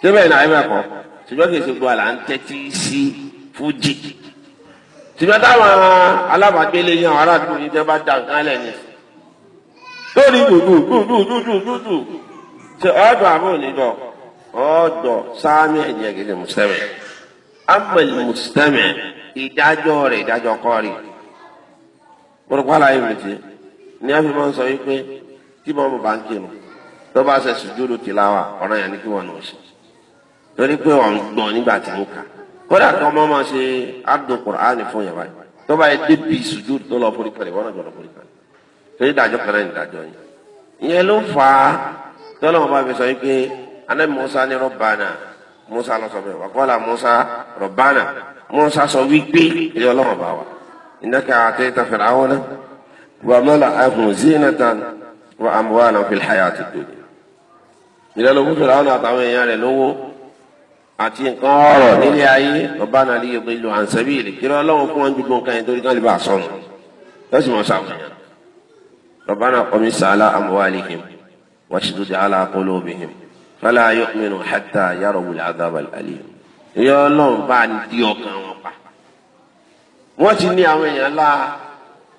Speaker 1: síbẹ̀ ní àìmọ́ ẹ̀kọ́ ṣùgbọ́n kì í ṣe gbọ́ àlà ń tẹ́tí sí ṣùgbọ́n táwọn alábàágbélé yẹn àwọn aráàlú yìí tẹ́ bá dà nǹkan lẹ́yìn lórí dùdùdùdùdùdùdù ṣe ọ̀dọ̀ àbọ̀ nídọ̀ ọ̀dọ̀ sáámi ẹ̀jẹ̀ gidi mùsẹ̀mẹ̀ amẹ̀lì mùsẹ̀mẹ̀ ìdájọ́ rẹ̀ ìdájọ́ kọ́ọ̀rì gbọ́dọ̀pọ̀ àlàyé mi ti ní a fi máa ń sọ wípé tí mo bá ń kírun tó bá ṣe sùjúdù tìláwà ọ̀rọ̀ yẹn ni kí wọ́n nù sí torí pé wọ́n ń gbọ́n nígbà tí ń kà kódà tó ọmọ máa ṣe adùn kùránì fún yàrá tó bá yẹ débi sùjúdù tó lọ forí kalẹ̀ wọ́n náà gbọ́dọ̀ forí kalẹ̀ ṣé ìdájọ́ kan náà ìdájọ́ yìí ìyẹn ló fà á tọ́lọ́ wọn bá fi sọ yìí pé alẹ́ Musa ní rọ́bànà Musa lọ sọ bẹ́ẹ̀ wàkọ́lá Musa rọ́bànà Musa sọ wípé ilé ọlọ́wọ́ bá wa innaka atayta fir'auna wa mala'ahu zinatan wa amwalan fil hayati dunya ilé ọlọ́wọ́ fir'auna àtàwọn èèyàn rẹ̀ lówó àti nǹkan ọ̀rọ̀ nílé ayé rọ́bànà lè yọ pé lu ànsẹ́bí ìlẹ̀ kí ọlọ́wọ́ fún wọn dúdú nǹkan yẹn torí kan lè bá a sọnù lọ́sùn mọ́ sáwọn ربنا قمس على أموالهم واشدد على قلوبهم فلا يؤمنوا حتى يروا العذاب الأليم ìyá ọlọ́run bá ní di ọkàn wọn pa wọ́n ti ní àwọn èèyàn la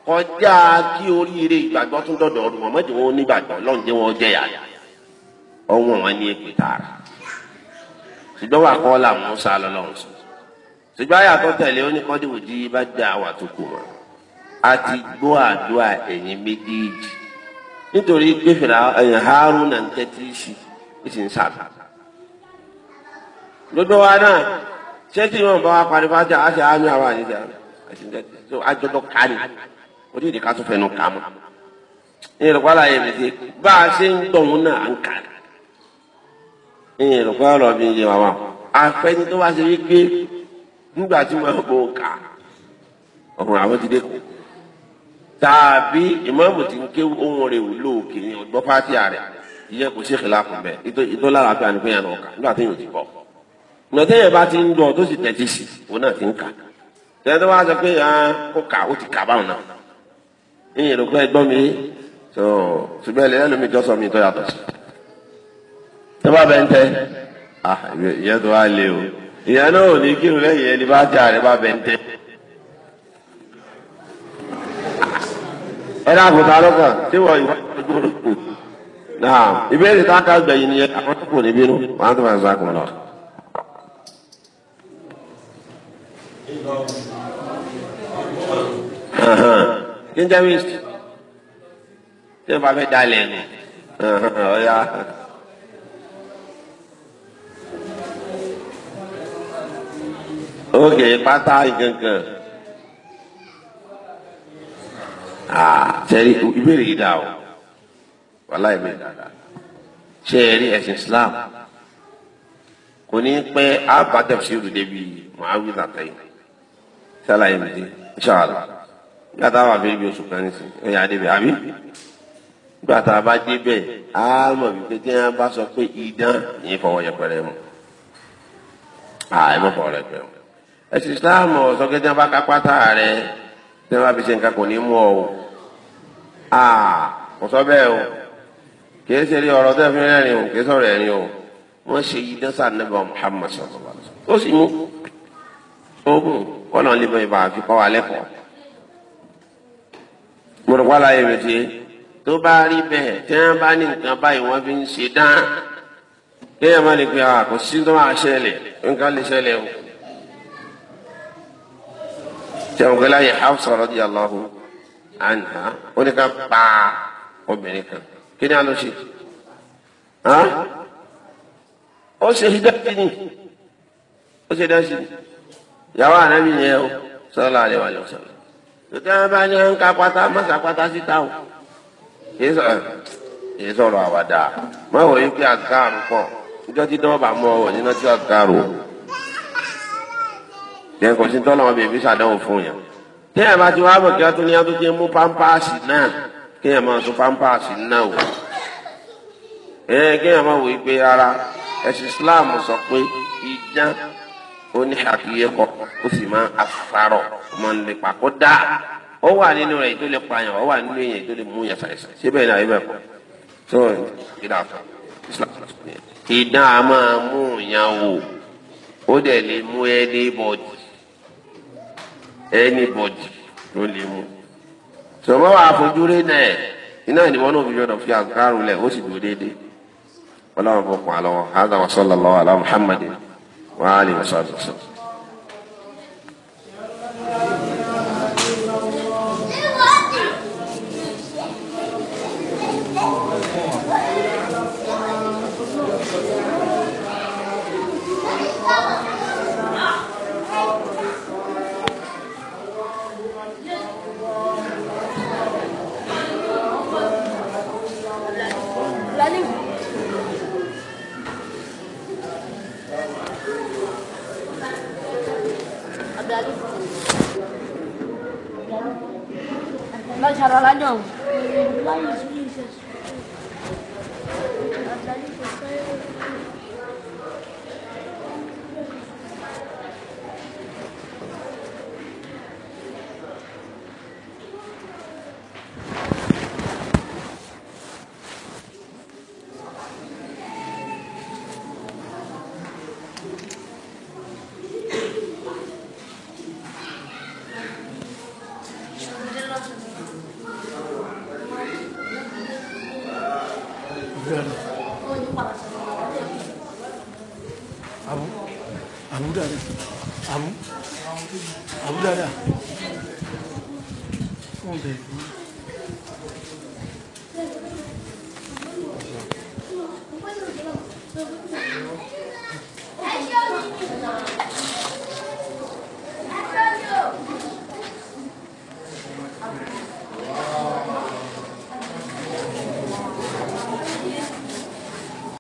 Speaker 1: kọjá kí oríire ìgbàgbọ́ tún dọ̀dọ̀ ọdún wọn mọ́tò wọn ò ní gbàgbọ́ ọlọ́run jẹ́ wọn jẹ́ yàrá ọwọ́ wọn ní èpè tààrà ṣùgbọ́n wà kọ́ làwọn sá lọ́lọ́run sùn ṣùgbọ́n àyàtọ̀ tẹ̀lé ó ní kọ́díwò jí bá dá àwà tó kù wọn a ti gbọ́ àdúrà ẹ̀yin méjèèjì nítorí pé fìlà eh, Haruna ń tẹ́tí sí ó sì ń sàmì. gbogbo wa náà ṣé tí wọn bá wa parí bá jẹ àṣẹ àmì àwọn àyíká àṣìṣe àjọdọ kánì orí èdè ká tó fẹnu kà mọ. ìyẹn lọ́kọ́ àlàyé mi ti bá a ṣe ń tọ̀hún náà ń kà. ìyẹn lọ́kọ́ àlọ́ mi yé wa wà. àfẹ́ni tó wá ṣe wí pé nígbà tí wọ́n bò ń kà ọ̀run àwọn ti dé kù tàbí ìmáàmù tí ń ké ohun rẹ̀ wò lóòkè ní ọgbọ́n pátí rẹ̀ ìyẹn kò sí ìkìláàfù bẹ́ẹ̀ ìdólára àti àníkúnyà náà kà nígbà tí yóò ti kọ́ nọtẹ́ yẹn bá ti ń dọ̀ tó sì tẹ̀tí sí òun náà ti ń kà tẹ́tẹ́ wá sọ pé ah, kó kà ó ti kà báwọn náà ìyẹn ló pẹ́ gbọ́ mi tó ṣùgbọ́n ẹ̀lẹ́ lómi jọ sọ mi tó yàtọ̀ sí
Speaker 2: tó bá bẹ́ẹ̀ ń tẹ́
Speaker 1: ah, ìyẹn tó wá lé o ìyẹn náà ò ní kírun bá bẹ́ẹ̀ ń tẹ́. ẹ̀rọ àgùntàn alọ́kàn tí wọ́n yìí wọ́n ti gbọ́dọ̀ kù. náà ìbéèrè tá a ká gbẹ̀yìn nìyẹn àwọn tó kù níbí nù wọ́n á tó máa zá kùn lọ. ginger mist tí o bá fẹ́ dalẹ̀ nù ọ̀ya. ok pátá ìkankan. sẹ́rí ah, ìbéèrè yìí dà o wàhálà ìbéèrè dàda ṣé ẹ rí ẹ̀sìn Islam kò ní pẹ́ àbátẹ̀f sí olùdé bíi muhammed àtẹ̀yìn sálàyé mìíràn inṣàlá gbàtà wà fẹ́ bí oṣù kan ní sìn ẹ̀yà débẹ̀ àbí gbàtà bá débẹ̀ á mọ̀ wípé tí wọ́n bá sọ pé idán yìí fọwọ́ yẹpẹrẹ mu àìmọ̀ fọwọ́ rẹ pẹ̀lú ẹ̀sìn Islam ọ̀sọ́gẹ́dẹ́ bá kápátá rẹ̀ tí wọ́n bá fi ṣe nǹkan kò ní mú ọ o aa kò sọ bẹ́ẹ̀ o kìí ṣe rí ọ̀rọ̀ tẹ́fín rẹ́rìn o kìí sọ̀rọ̀ ẹ̀rín o wọ́n ṣe yí dẹ́sà níbà Muhammad sallallahu alaihi wasallam ó sì mú ogun kọ́nà lè bẹ̀rẹ̀ bá fi kọ́ wa lẹ́kọ̀ọ́ mo rò wálá yẹn retí tó bá rí bẹ́ẹ̀ tí wọ́n bá ní nǹkan báyìí wọ́n fi ń ṣe dán kéèyàn má lè pe àkọsí tó máa ṣẹlẹ̀ nǹkan lè ṣẹlẹ̀ o tẹ̀wọ̀n láyé Hafsa radiyallahu anha ó ní ká pa obìnrin kan kí ni a lọ ṣe ó ṣe dáṣì ni ó ṣe dáṣì ni ìyàwó ànábì yẹn o sallallahu alaihi wa sallam tòtí wọn bá ní ń ka pátá mọ́sá pátá síta o èyí sọ̀rọ̀ àwàdà máa wọ̀ yín pé àgárù pọ̀ níjọ́ tí dánwó bá mú ọ wọ̀ nínú tí àgárù o dẹ́n kò sí tọ́lọ́ ọbẹ̀ ìbí sàdánwò fún yẹn. téèyàn bá ti wá bọ̀ kí wọ́n tún ní ọdún tí ń mú pampasì náà kéèyàn máa sún pampasì náà wò. ẹ kéèyàn máa wò yí pé ara ẹ̀sìn Islam sọ pé ìjàn ó ní àkíyèkọ ó sì máa àfarọ̀ máa ń lè pàkó dá ó wà nínú rẹ̀ tó lè pààyàn ó wà nínú èèyàn tó lè mú yàn sàìsàn síbẹ̀ náà ibẹ̀ kọ́ so ìdá Islam ìdá máa mú yàn wò ó dẹ̀ lè mú ẹ ní bọ̀dì anybody ló lè mú sọ̀rọ̀ wà fojú rí náà iná ìdìbọn náà fi gbọdọ̀ fi àgbárù lẹ̀ ó sì dúró déédéé ọlọ́run fọkàn àlọ́ hàdà wàsálàlọ́ àlọ́ muhammadin wàhálì wàsálàlọ́. cara ladang. Lain.